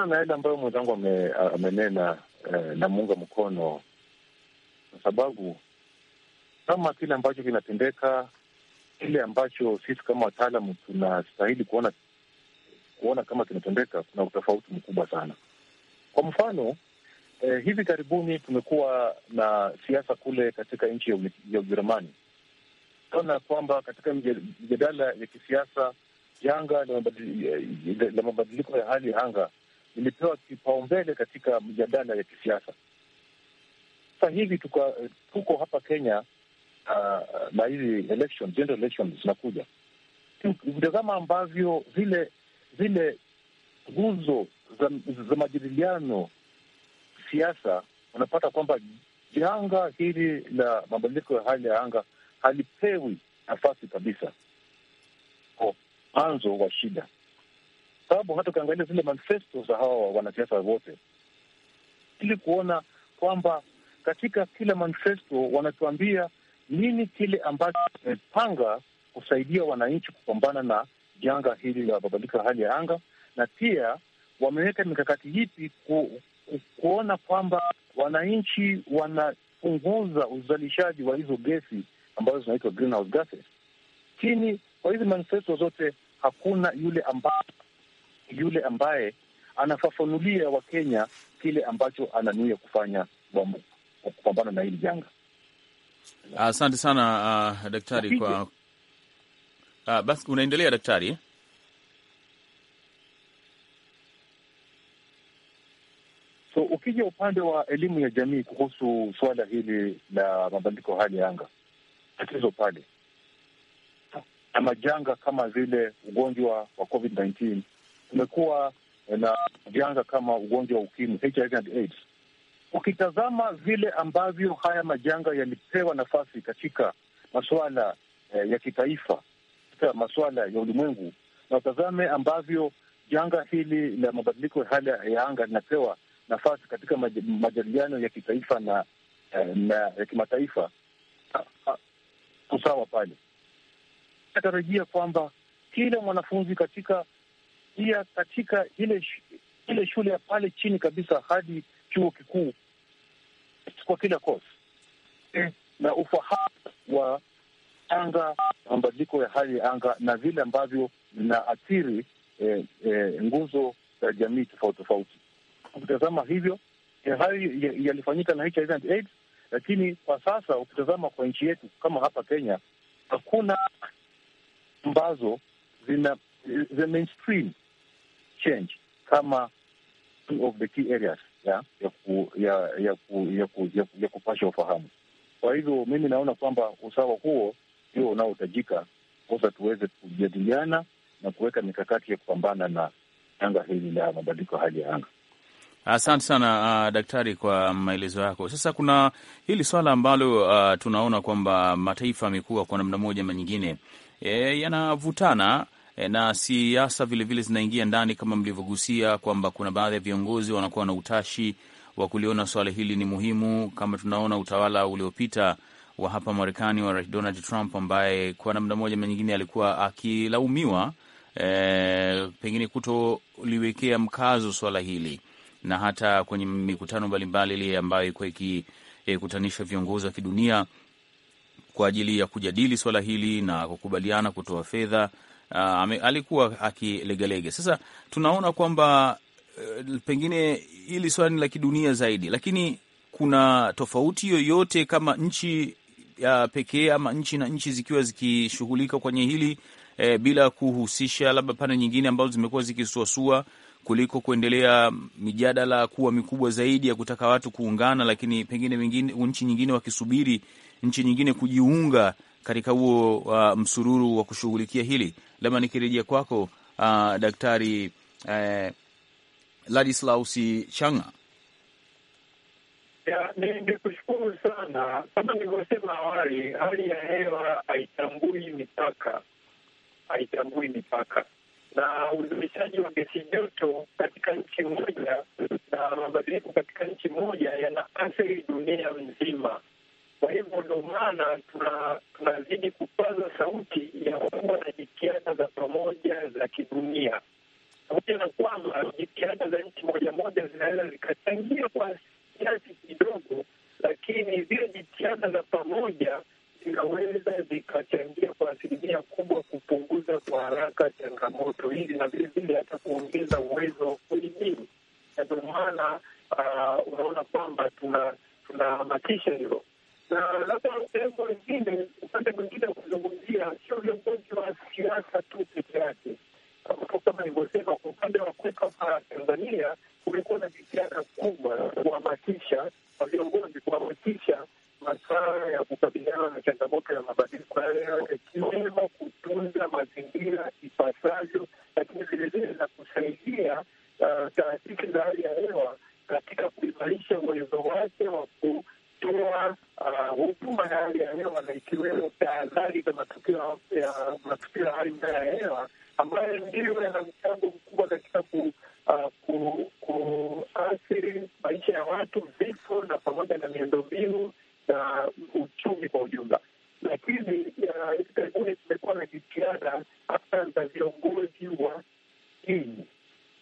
na yale ambayo mwenzangu amenena uh, eh, namuunga mkono kwa sababu kama kile ambacho kinatendeka, kile ambacho sisi kama wataalamu tunastahili kuona kuona kama kinatendeka, kuna utofauti mkubwa sana. Kwa mfano eh, hivi karibuni tumekuwa na siasa kule katika nchi ya Ujerumani. Tunaona kwamba katika mijadala ya kisiasa janga eh, la mabadiliko ya hali ya anga lilipewa kipaumbele katika mijadala ya kisiasa. Sasa hivi tuko hapa Kenya uh, na hizi election, general elections zinakuja, vitazama ambavyo vile zile nguzo za, za majadiliano siasa, unapata kwamba janga hili la mabadiliko ya hali ya anga halipewi nafasi kabisa kwa mwanzo wa shida, sababu hata ukiangalia zile manifesto za hawa wanasiasa wote, ili kuona kwamba katika kila manifesto wanatuambia nini kile ambacho wamepanga kusaidia wananchi kupambana na janga hili la mabadiliko ya hali ya anga, na pia wameweka mikakati hipi ku, ku, kuona kwamba wananchi wanapunguza uzalishaji wa hizo gesi ambazo zinaitwa greenhouse gases. Chini kwa hizi manifesto zote hakuna yule ambaye, yule ambaye anafafanulia Wakenya kile ambacho ananuia kufanya kupambana na hili janga. Asante sana uh, daktari kwa Ah, basi unaendelea daktari eh? So ukija upande wa elimu ya jamii kuhusu suala hili la mabadiliko hali ya anga, tatizo pale na majanga kama vile ugonjwa wa COVID-19, umekuwa na majanga kama ugonjwa wa ukimwi, HIV and AIDS. Ukitazama vile ambavyo haya majanga yalipewa nafasi katika masuala eh, ya kitaifa katika masuala ya ulimwengu na watazame ambavyo janga hili la mabadiliko ya hali ya anga linapewa nafasi katika majadiliano ya kitaifa na, eh, na ya kimataifa. Ah, ah, usawa pale, natarajia kwamba kila mwanafunzi katika pia katika ile ile shule ya pale chini kabisa hadi chuo kikuu kwa kila kosi eh, na ufahamu wa anga, mabadiliko ya hali ya anga na vile ambavyo vinaathiri eh, eh, nguzo za jamii tofauti tofauti. Ukitazama hivyo eh, hayo yalifanyika na HIV and AIDS, lakini kwa sasa ukitazama kwa nchi yetu kama hapa Kenya, hakuna ambazo zina the eh, mainstream change kama of the key areas ya ya ku, ya, ya, ku, ya, ku, ya, ku, ya kupasha ufahamu. Kwa hivyo mimi naona kwamba usawa huo ndio unaohitajika kosa tuweze kujadiliana na kuweka mikakati ya kupambana na janga hili la mabadiliko ya hali ya anga. Asante sana uh, daktari kwa maelezo yako. Sasa kuna hili swala ambalo uh, tunaona kwamba mataifa yamekuwa kwa namna moja ama nyingine e, yanavutana e, na siasa vilevile zinaingia ndani, kama mlivyogusia kwamba kuna baadhi ya viongozi wanakuwa na utashi wa kuliona swala hili ni muhimu, kama tunaona utawala uliopita wa hapa Marekani wa Donald Trump ambaye kwa namna moja nyingine alikuwa akilaumiwa e, pengine kutoliwekea mkazo swala hili na hata kwenye mikutano mbalimbali ile ambayo ilikuwa ikikutanisha e, viongozi wa kidunia kwa ajili ya kujadili swala hili na kukubaliana kutoa fedha uh, alikuwa akilegelege. Sasa tunaona kwamba uh, pengine hili swala ni la kidunia zaidi, lakini kuna tofauti yoyote kama nchi uh, pekee ama nchi na nchi zikiwa zikishughulika kwenye hili eh, bila kuhusisha labda pande nyingine ambazo zimekuwa zikisuasua kuliko kuendelea mijadala kuwa mikubwa zaidi ya kutaka watu kuungana, lakini pengine mingine, nchi nyingine wakisubiri nchi nyingine kujiunga katika huo uh, msururu wa kushughulikia hili. Labda nikirejea kwako, uh, Daktari uh, eh, Ladislausi Changa, Nikushukuru sana. Kama nilivyosema awali, hali ya hewa haitambui mipaka, haitambui mipaka, na udumishaji wa gesi joto katika nchi moja na mabadiliko katika nchi moja yana athiri dunia nzima. Kwa hivyo ndo maana tunazidi kupaza sauti ya kuwa na jitihada za pamoja za kidunia, pamoja na kwamba jitihada za nchi moja moja zinaweza zikachangia kwa kiasi kidogo, lakini zile jitihada za pamoja zinaweza zikachangia kwa asilimia kubwa kupunguza kwa haraka changamoto hizi na vilevile hata kuongeza uwezo wa kuelimu, na ndio maana uh, unaona kwamba tuna tunahamasisha hilo na labda sehemu wengine upande mwingine wa kuzungumzia sio viongozi wa siasa tu peke yake, kama nilivyosema, kwa upande wa kwetu hapa Tanzania kumekuwa na jitihada kubwa kuhamasisha kwa viongozi, kuhamasisha masuala ya kukabiliana na changamoto ya mabadiliko ya ikiwemo kutunza mazingira ipasavyo, lakini vilevile na kusaidia uh, taasisi za hali ya hewa katika kuimarisha uwezo wake wa kutoa uh, huduma ya hali ya hewa na ikiwemo tahadhari za matukio ya hali mbaya ya hewa ambayo ndiyo yana mchango mkubwa katika ku, uh, ku, kuathiri maisha ya watu, vifo na pamoja na miundombinu na uchumi kwa ujumla. Lakini uh, hivi karibuni kumekuwa na jitihada hasa za viongozi wa dini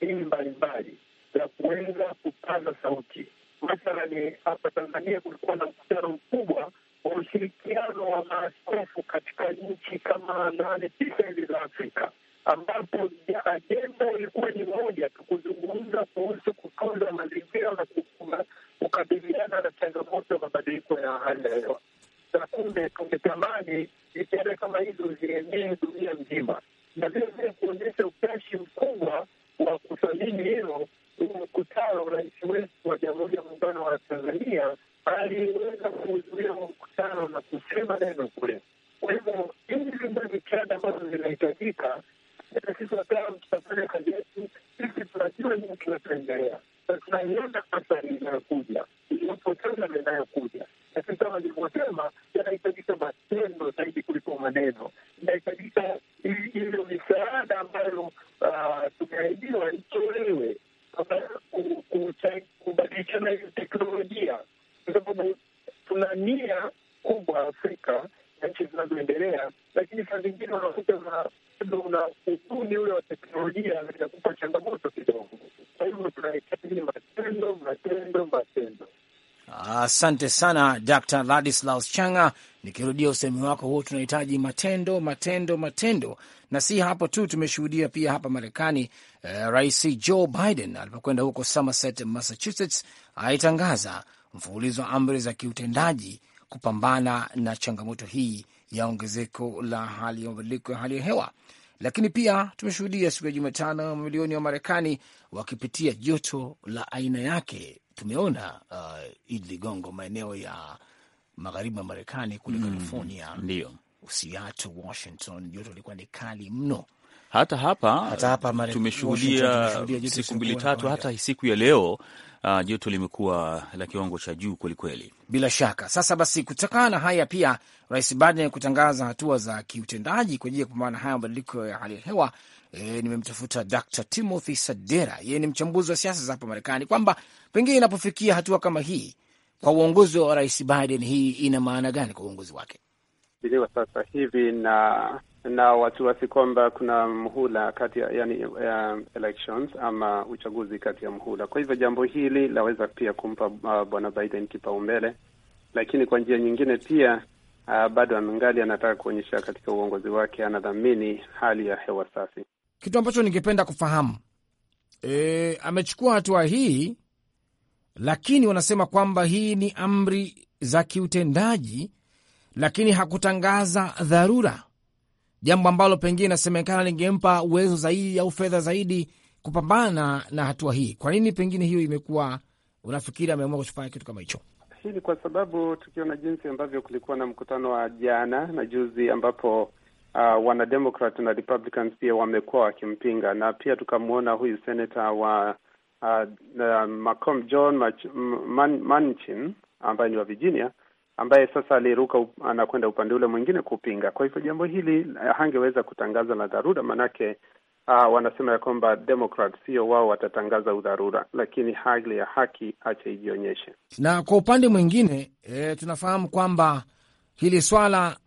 dini mbalimbali za kuweza kupaza sauti. Mathalani hapa Tanzania kulikuwa na mkutano mkubwa wa ushirikiano wa maaskofu katika nchi kama nane tisa hivi za Afrika ambapo ajenda ilikuwa ni moja tu, kuzungumza kuhusu kutunza mazingira na kukabiliana na changamoto ya mabadiliko ya hali ya hewa. Na kumbe tungetamani jitihada kama hizo zienee dunia mzima, na vile vile kuonyesha utashi mkubwa wa kuthamini hilo. Huu mkutano rais wetu wa Jamhuri ya Muungano wa Tanzania aliweza kuhudhuria mkutano na kusema neno kule. Kwa hivyo hizi ndio jitihada ambazo zinahitajika na sisi wataalam tutafanya kazi yetu. Sisi tunajua nini kinachoendelea na tunaienda sasa inayokuja, iliyopoteza na inayokuja, lakini kama nilivyosema, yanahitajika matendo zaidi kuliko maneno, inahitajika hiyo misaada ambayo ah, tumeahidiwa itolewe, kubadilishana hiyo teknolojia, kwa sababu tuna nia kubwa Afrika katika nchi zinazoendelea, lakini saa zingine unakuta bado una usuni ule wa teknolojia kupa changamoto kidogo. Kwa hivyo tunahitaji matendo, matendo, matendo. Asante sana Dr. Ladislaus Changa, nikirudia usemi wako huo, tunahitaji matendo, matendo, matendo. Na si hapo tu, tumeshuhudia pia hapa Marekani eh, Rais Joe Biden alipokwenda huko Somerset, Massachusetts, aitangaza mfululizo wa amri za kiutendaji kupambana na changamoto hii ya ongezeko la hali ya mabadiliko ya hali ya hewa. Lakini pia tumeshuhudia siku ya Jumatano mamilioni wa Marekani wakipitia joto la aina yake. Tumeona uh, Idi Ligongo, maeneo ya magharibi ya Marekani kule mm, California, ndio Seattle, Washington, joto lilikuwa ni kali mno. Hata hapa, hata hapa tumeshuhudia siku mbili tatu, hata siku ya leo uh, joto limekuwa la kiwango cha juu kwelikweli. Bila shaka. Sasa basi, kutokana na haya pia Rais Biden kutangaza hatua za kiutendaji kwa ajili ya kupambana na haya mabadiliko ya hali ya hewa. E, nimemtafuta Dr. Timothy Sadera, yeye ni mchambuzi wa siasa za hapa Marekani, kwamba pengine inapofikia hatua kama hii kwa uongozi wa Rais Biden, hii ina maana gani kwa uongozi wake? sasa hivi na na wasiwasi kwamba kuna mhula kati ya yani, uh, elections ama uchaguzi kati ya mhula. Kwa hivyo jambo hili laweza pia kumpa uh, bwana Biden kipaumbele, lakini kwa njia nyingine pia uh, bado angali anataka kuonyesha katika uongozi wake anadhamini hali ya hewa safi. Kitu ambacho ningependa kufahamu e, amechukua hatua hii, lakini wanasema kwamba hii ni amri za kiutendaji, lakini hakutangaza dharura jambo ambalo pengine inasemekana lingempa uwezo zaidi au fedha zaidi kupambana na hatua hii. Kwa nini pengine hiyo imekuwa, unafikiri ameamua kuchukua kitu kama hicho? Hii ni kwa sababu tukiona jinsi ambavyo kulikuwa na mkutano wa jana na juzi ambapo Uh, wanademokrat na Republicans pia wamekuwa wakimpinga, na pia tukamwona huyu senata wa uh, uh, Macomb John Manchin ambaye ni wa Virginia ambaye sasa aliruka up, anakwenda upande ule mwingine kupinga. Kwa hivyo jambo hili eh, hangeweza kutangaza la dharura, maanake uh, ah, wanasema ya kwamba Demokrat sio wao watatangaza udharura, lakini hali ya haki hacha ijionyeshe. Na kwa upande mwingine e, tunafahamu kwamba hili swala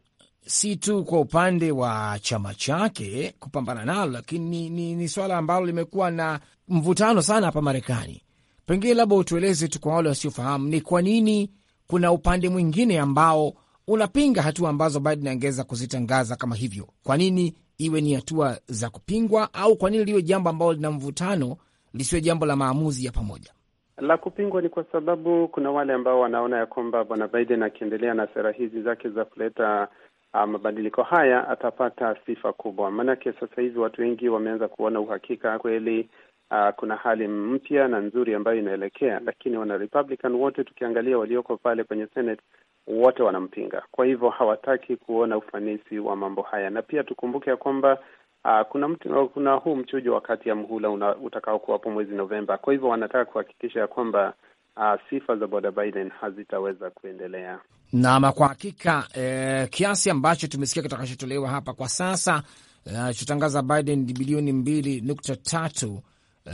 si tu kwa upande wa chama chake kupambana nalo, lakini ni, ni, ni swala ambalo limekuwa na mvutano sana hapa Marekani. Pengine labda utueleze tu kwa wale wasiofahamu ni kwa nini kuna upande mwingine ambao unapinga hatua ambazo Biden angeweza kuzitangaza kama hivyo. Kwa nini iwe ni hatua za kupingwa, au kwa nini liwe jambo ambalo lina mvutano lisiwe jambo la maamuzi ya pamoja? La kupingwa ni kwa sababu kuna wale ambao wanaona ya kwamba bwana Biden akiendelea na sera hizi zake za kuleta ah, mabadiliko haya atapata sifa kubwa. Maanake sasa hivi watu wengi wameanza kuona uhakika kweli uh, kuna hali mpya na nzuri ambayo inaelekea, lakini wana Republican wote tukiangalia walioko pale kwenye Senate wote wanampinga. Kwa hivyo hawataki kuona ufanisi wa mambo haya, na pia tukumbuke ya kwamba uh, kuna mtu, kuna huu mchujo wa kati ya mhula utakaokuwapo mwezi Novemba. Kwa hivyo wanataka kuhakikisha ya kwamba Uh, sifa za Bwana Biden hazitaweza kuendelea. nam kwa hakika eh, kiasi ambacho tumesikia kitakachotolewa hapa kwa sasa eh, chotangaza Biden bilioni mbili nukta tatu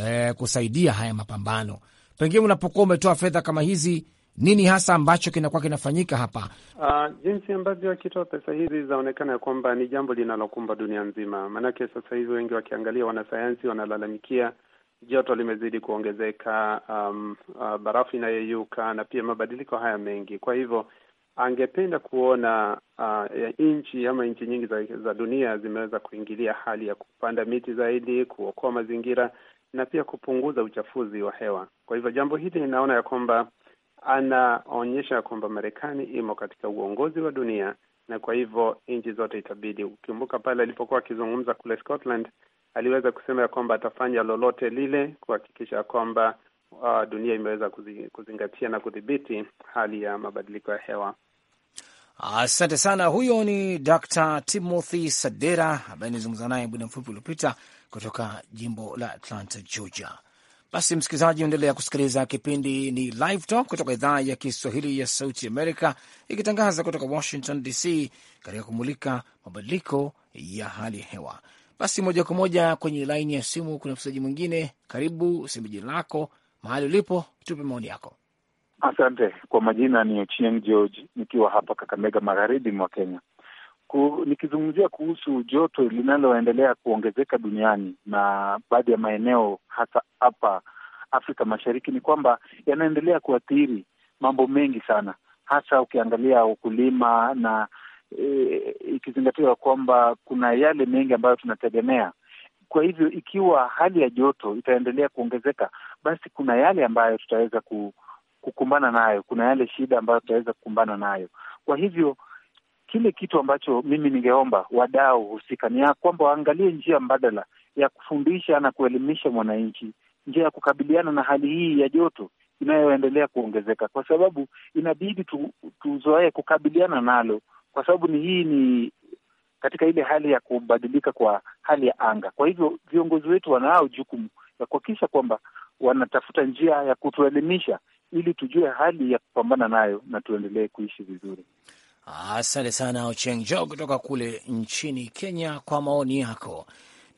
eh, kusaidia haya mapambano. Pengine unapokuwa umetoa fedha kama hizi, nini hasa ambacho kinakuwa kinafanyika hapa? Uh, jinsi ambavyo akitoa pesa hizi zaonekana ya kwamba ni jambo linalokumba dunia nzima, maanake sasa hivi wengi wakiangalia, wanasayansi wanalalamikia joto limezidi kuongezeka, um, uh, barafu inayeyuka na pia mabadiliko haya mengi. Kwa hivyo angependa kuona uh, nchi ama nchi nyingi za, za dunia zimeweza kuingilia hali ya kupanda miti zaidi, kuokoa mazingira na pia kupunguza uchafuzi wa hewa. Kwa hivyo jambo hili ninaona ya kwamba anaonyesha kwamba Marekani imo katika uongozi wa dunia, na kwa hivyo nchi zote itabidi. Ukikumbuka pale alipokuwa akizungumza kule Scotland, aliweza kusema ya kwamba atafanya lolote lile kuhakikisha kwamba uh, dunia imeweza kuzingatia na kudhibiti hali ya mabadiliko ya hewa. Asante sana. Huyo ni Dr. Timothy Sadera ambaye nizungumza naye muda mfupi uliopita kutoka jimbo la Atlanta, Georgia. Basi msikilizaji, unaendelea kusikiliza kipindi ni Live Talk kutoka idhaa ya Kiswahili ya Sauti Amerika, ikitangaza kutoka Washington DC, katika kumulika mabadiliko ya hali ya hewa. Basi moja kwa moja kwenye laini ya simu kuna msikilizaji mwingine. Karibu, useme jina lako, mahali ulipo, tupe maoni yako. Asante. Kwa majina ni Ochieng George, nikiwa hapa Kakamega, magharibi mwa Kenya ku, nikizungumzia kuhusu joto linaloendelea kuongezeka duniani na baadhi ya maeneo hasa hapa Afrika Mashariki ni kwamba yanaendelea kuathiri mambo mengi sana, hasa ukiangalia ukulima na e, ikizingatiwa kwamba kuna yale mengi ambayo tunategemea. Kwa hivyo ikiwa hali ya joto itaendelea kuongezeka, basi kuna yale ambayo tutaweza kukumbana nayo, kuna yale shida ambayo tutaweza kukumbana nayo. Kwa hivyo Kile kitu ambacho mimi ningeomba wadau husika ni ya kwamba waangalie njia mbadala ya kufundisha na kuelimisha mwananchi njia ya kukabiliana na hali hii ya joto inayoendelea kuongezeka, kwa sababu inabidi tu, tuzoee kukabiliana nalo, kwa sababu ni hii ni katika ile hali ya kubadilika kwa hali ya anga. Kwa hivyo viongozi wetu wanao jukumu ya kuhakikisha kwamba wanatafuta njia ya kutuelimisha ili tujue hali ya kupambana nayo na tuendelee kuishi vizuri. Asante sana Ocheng Jo kutoka kule nchini Kenya kwa maoni yako.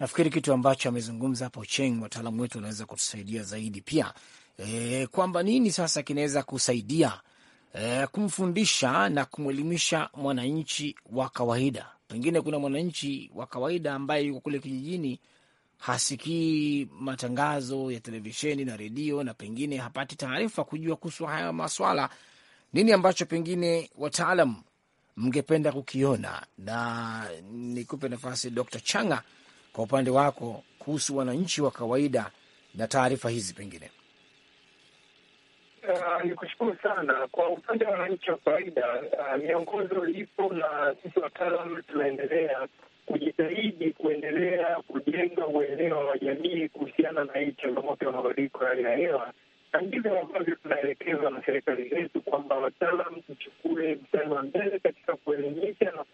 Nafikiri kitu ambacho amezungumza hapa Ocheng, wataalamu wetu wanaweza kutusaidia zaidi pia e, kwamba nini sasa kinaweza kusaidia e, kumfundisha na kumwelimisha mwananchi wa kawaida. Pengine kuna mwananchi wa kawaida ambaye yuko kule kijijini hasikii matangazo ya televisheni na redio, na pengine hapati taarifa kujua kuhusu haya maswala. Nini ambacho pengine wataalam mngependa kukiona, na nikupe nafasi Dr. Changa kwa upande wako kuhusu wananchi wa kawaida na taarifa hizi pengine. Uh, ni kushukuru sana kwa upande wa wananchi wa kawaida. Uh, miongozo ipo na sisi wataalam tunaendelea kujitahidi kuendelea kujenga uelewa wa jamii kuhusiana na hii changamoto ya mabadiliko ya hali ya hewa na ndivyo ambavyo tunaelekezwa na serikali zetu kwamba wataalam tuchukue mstari wa mbele katika kuelimisha na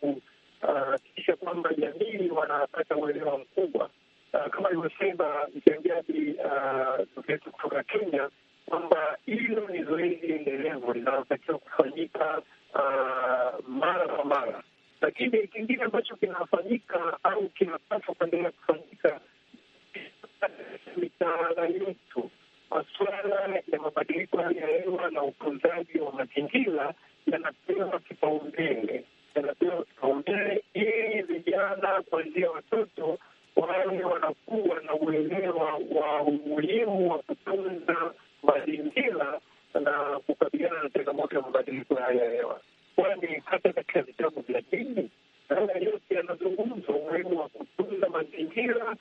kuhakikisha kwamba jamii wanapata uelewa mkubwa, ah, kama alivyosema mchangiaji ah, wetu kutoka Kenya kwamba hilo ni zoezi endelevu linalotakiwa kufanyika ah, mara kwa mara. Lakini kingine ambacho kinafanyika au kinapaswa kuendelea kufanyika mitaala yetu masuala ya mabadiliko ya hali ya hewa na utunzaji wa mazingira yanapewa kipaumbele, yanapewa kipaumbele ili vijana kuanzia watoto wale wanakuwa na uelewa wa umuhimu wa kutunza mazingira na kukabiliana na changamoto ya mabadiliko ya hali ya hewa, kwani hata katika vitabu vya dini Haya yote yanazungumzwa, umuhimu wa kutunza mazingira,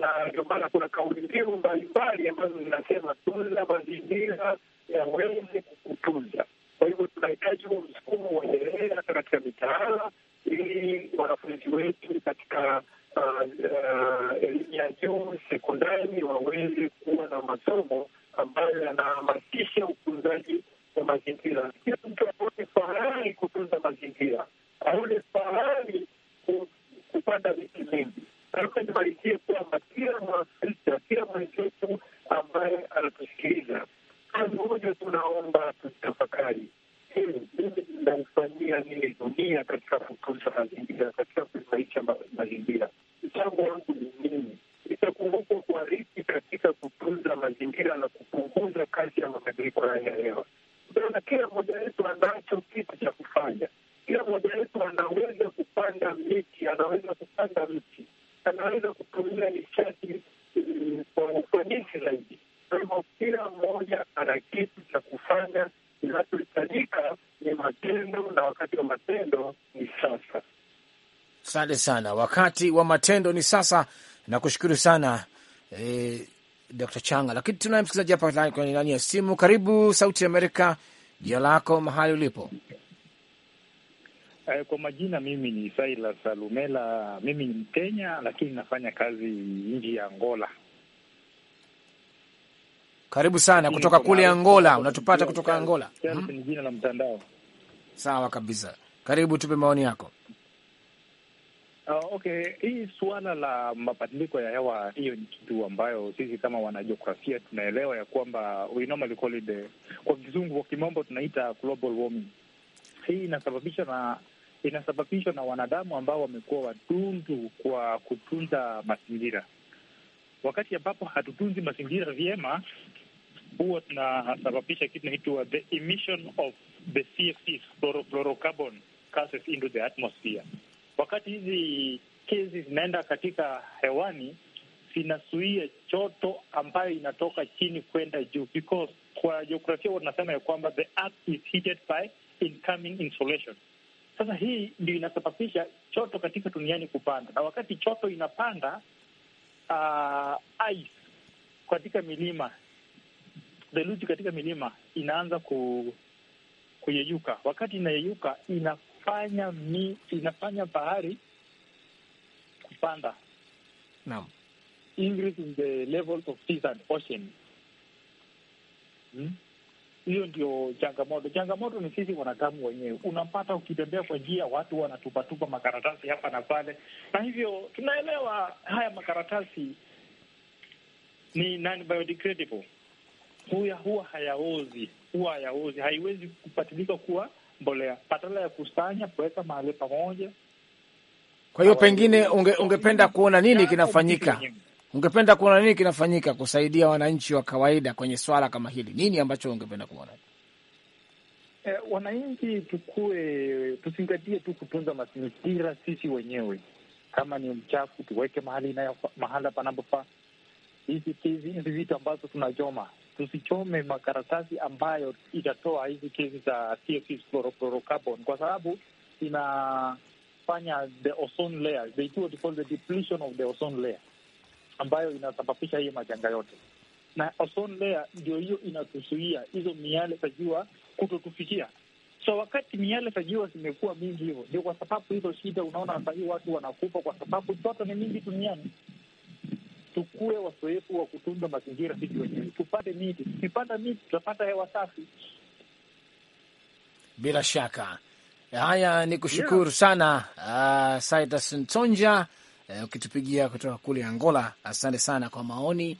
na ndio maana kuna kauli mbiu mbalimbali ambazo zinasema tunza mazingira yaweze wenye kukutunza. Kwa hivyo tunahitaji huo msukumo uendelee hata katika mitaala, ili wanafunzi wetu katika uh, uh, elimu ya juu sekondari waweze kuwa na masomo ambayo yana Asante sana, wakati wa matendo ni sasa. Nakushukuru sana e, Dr. Changa, lakini tunaye msikilizaji hapa kwenye laini ya simu. Karibu Sauti ya Amerika, jina lako, mahali ulipo. Eh, kwa majina mimi ni Saila Salumela, mimi ni Mkenya lakini nafanya kazi nji ya Angola. Karibu sana kutoka kule Angola, unatupata kutoka Angola. Hmm? Ni jina la mtandao. Sawa kabisa, karibu, tupe maoni yako. Okay, hii suala la mabadiliko ya hewa, hiyo ni kitu ambayo sisi kama wanajiografia tunaelewa ya kwamba we normally call it kwa kizungu kwa kimombo tunaita global warming. Hii inasababishwa na inasababishwa na wanadamu ambao wamekuwa watundu kwa kutunza mazingira. Wakati ambapo hatutunzi mazingira vyema, huwa tunasababisha kitu naitwa the emission of the CFCs, chlorofluorocarbon gases into the atmosphere. Wakati hizi kesi zinaenda katika hewani zinazuia choto ambayo inatoka chini kwenda juu, because kwa jiografia wanasema ya kwamba the earth is heated by incoming insulation. Sasa hii ndio inasababisha choto katika duniani kupanda, na wakati choto inapanda, uh, ice katika milima, theluji katika milima inaanza ku, kuyeyuka. Wakati inayeyuka inafanya mi, inafanya bahari kupanda naam, increase in the levels of seas and ocean. Hmm? Hiyo hmm, ndio changamoto. Changamoto ni sisi wanadamu wenyewe. Unapata ukitembea kwa njia, watu wanatupatupa makaratasi hapa na pale, na hivyo tunaelewa haya makaratasi ni non biodegradable, huya huwa hayaozi, huwa hayaozi, haiwezi kupatilika kuwa mbolea, patala ya kusanya kuweka mahali pamoja kwa hiyo pengine unge, ungependa kuona nini kinafanyika? Ungependa kuona nini kinafanyika kusaidia wananchi wa kawaida kwenye swala kama hili? Nini ambacho ungependa kuona? Eh, wananchi tukue, tuzingatie tu kutunza mazingira sisi wenyewe. Kama ni mchafu tuweke mahali inayo, mahala panapofaa. Hizi kesi hizi vitu ambazo tunachoma tusichome makaratasi ambayo itatoa hizi kesi za fluorocarbon kwa sababu ina kufanya the ozone layer, they do what call the depletion of the ozone layer, ambayo inasababisha hiyo majanga yote. Na ozone layer ndio hiyo inatuzuia hizo miale za jua kutotufikia. So wakati miale za jua zimekuwa mingi hivyo, ndio kwa sababu hizo shida unaona sahii watu wanakufa kwa sababu joto ni mingi duniani. Tukue wazoefu wa kutunza mazingira sisi wenyewe, tupate miti. Tukipanda miti tutapata hewa safi bila shaka. Haya, ni kushukuru yeah, sana uh, Saitas Ntonja eh, ukitupigia kutoka kule Angola. Asante sana kwa maoni.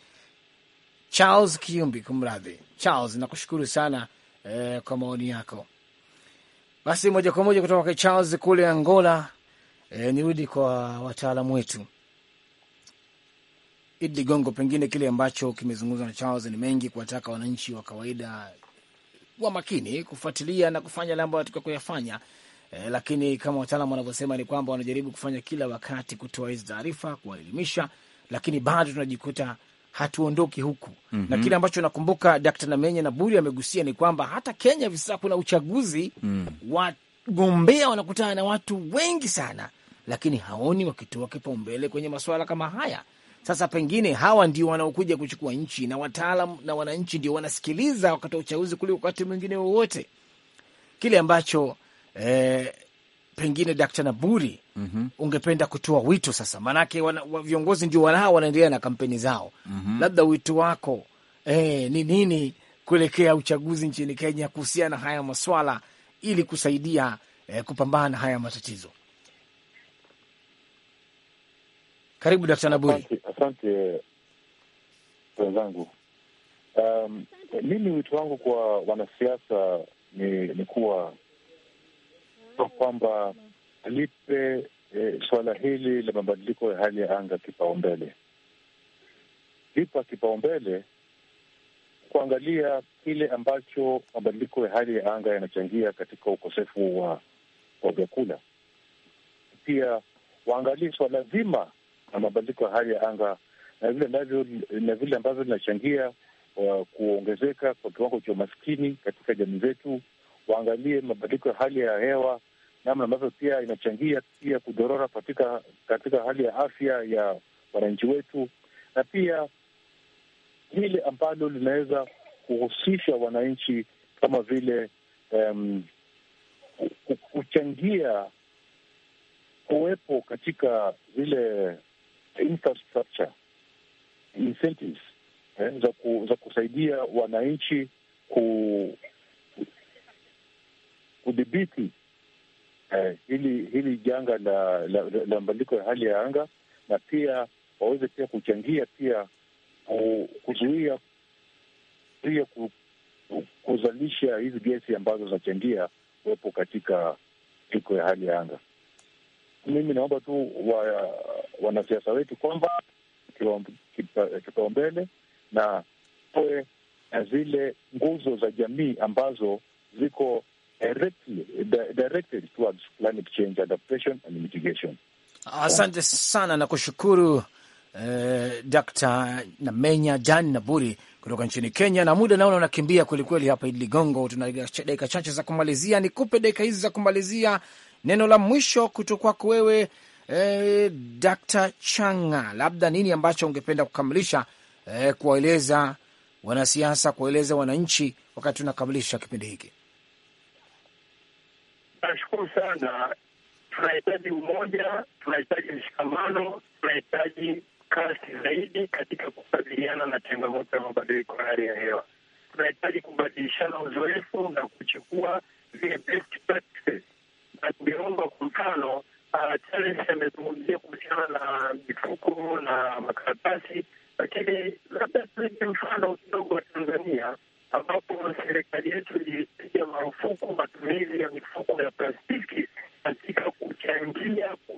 Charles Kiumbi, kumradhi Charles, nakushukuru sana uh, kwa maoni yako. Basi moja kwa moja kutoka kwa Charles kule Angola, uh, nirudi kwa wataalamu wetu Idi Ligongo. Pengine kile ambacho kimezungumzwa na Charles ni mengi, kuwataka wananchi wa kawaida wa makini kufuatilia na kufanya lambo wanatakiwa kuyafanya eh, lakini kama wataalamu wanavyosema ni kwamba wanajaribu kufanya kila wakati kutoa hizi taarifa, kuwaelimisha, lakini bado tunajikuta hatuondoki huku mm -hmm. Na mhm. kile ambacho nakumbuka Dkt. Namenye na Buri amegusia ni kwamba hata Kenya hivi sasa kuna uchaguzi mm. wagombea wanakutana na watu wengi sana, lakini haoni wakitoa kipaumbele kwenye masuala kama haya. Sasa pengine hawa ndio wanaokuja kuchukua nchi na wataalam na wananchi ndio wanasikiliza wakati wa uchaguzi kuliko wakati mwingine wowote. Kile ambacho eh, pengine Dkt. Naburi mm -hmm. ungependa kutoa wito sasa, maanake viongozi ndio wanao wanaendelea na kampeni zao mm -hmm. labda wito wako eh, ni nini kuelekea uchaguzi nchini Kenya kuhusiana na haya maswala ili kusaidia eh, kupambana na haya matatizo? Karibu Dkt. Naburi. Asante wenzangu. Um, mimi wito wangu kwa wanasiasa ni, ni kuwa kwa kwamba lipe e, eh, suala hili la mabadiliko ya hali ya anga kipaumbele. Lipa kipaumbele kuangalia kile ambacho mabadiliko ya hali ya anga yanachangia katika ukosefu wa wa vyakula. Pia waangalie suala zima na mabadiliko ya hali ya anga na vile ambavyo na vile ambavyo linachangia uh, kuongezeka kwa kiwango cha umaskini katika jamii zetu waangalie mabadiliko ya hali ya hewa, namna ambavyo pia inachangia pia kudorora katika katika hali ya afya ya wananchi wetu, na pia lile ambalo linaweza kuhusisha wananchi kama vile um, kuchangia kuwepo katika zile infrastructure incentives eh, za, ku, za kusaidia wananchi ku kudhibiti eh, hili hili janga la, la, la, la mabadiliko ya hali ya anga, na pia waweze pia kuchangia pia kuzuia pia kuzalisha hizi gesi ambazo zinachangia kuwepo katika iko ya hali ya anga. Mimi naomba tu wa, wanasiasa wetu kwamba kipaumbele na poe na zile nguzo za jamii ambazo ziko directly, directed towards climate change adaptation and mitigation. Asante sana na kushukuru uh, Dr. Namenya Jan Naburi kutoka nchini Kenya. Na muda naona unakimbia kwelikweli hapa, Idi Ligongo, tuna dakika chache za kumalizia. Nikupe dakika hizi za kumalizia, neno la mwisho kuto kwako wewe eh, Dr. Changa, labda nini ambacho ungependa kukamilisha eh, kuwaeleza wanasiasa, kuwaeleza wananchi wakati tunakamilisha kipindi hiki? Tunashukuru sana. Tunahitaji umoja, tunahitaji mshikamano, tunahitaji kasi zaidi katika kukabiliana na changamoto ya mabadiliko ya hali ya hewa. Tunahitaji kubadilishana uzoefu na kuchukua zile best practices na tungeomba kwa mfano ah, Charles amezungumzia kuhusiana na mifuko na makaratasi, lakini labda tuweke mfano kidogo wa Tanzania ambapo serikali yetu ilipiga marufuku matumizi ya mifuko ya plastiki katika kuchangia ku,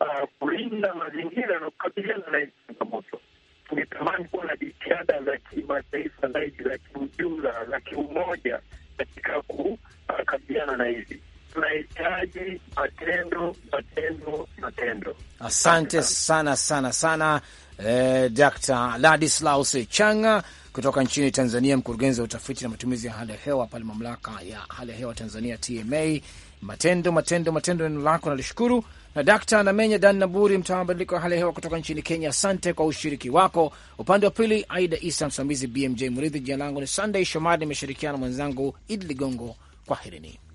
uh, kulinda mazingira na kukabiliana na hizi changamoto. Tungetamani kuwa na jitihada za kimataifa zaidi za kiujumla za kiumoja katika kukabiliana na hizi tunahitaji matendo, matendo, matendo. Asante sana sana sana, eh, Dr. Ladislaus Changa kutoka nchini Tanzania, mkurugenzi wa utafiti na matumizi ya hali ya hewa pale mamlaka ya hali ya hewa Tanzania TMA. Matendo matendo matendo, neno lako nalishukuru. Na Dakta Namenya Dan Naburi, wa mabadiliko ya hali ya hewa kutoka nchini Kenya, asante kwa ushiriki wako. Upande wa pili, Aida Isa msimamizi BMJ Mridhi. Jina langu ni Sunday Shomari, nimeshirikiana na mwenzangu Idi Ligongo. Kwaherini.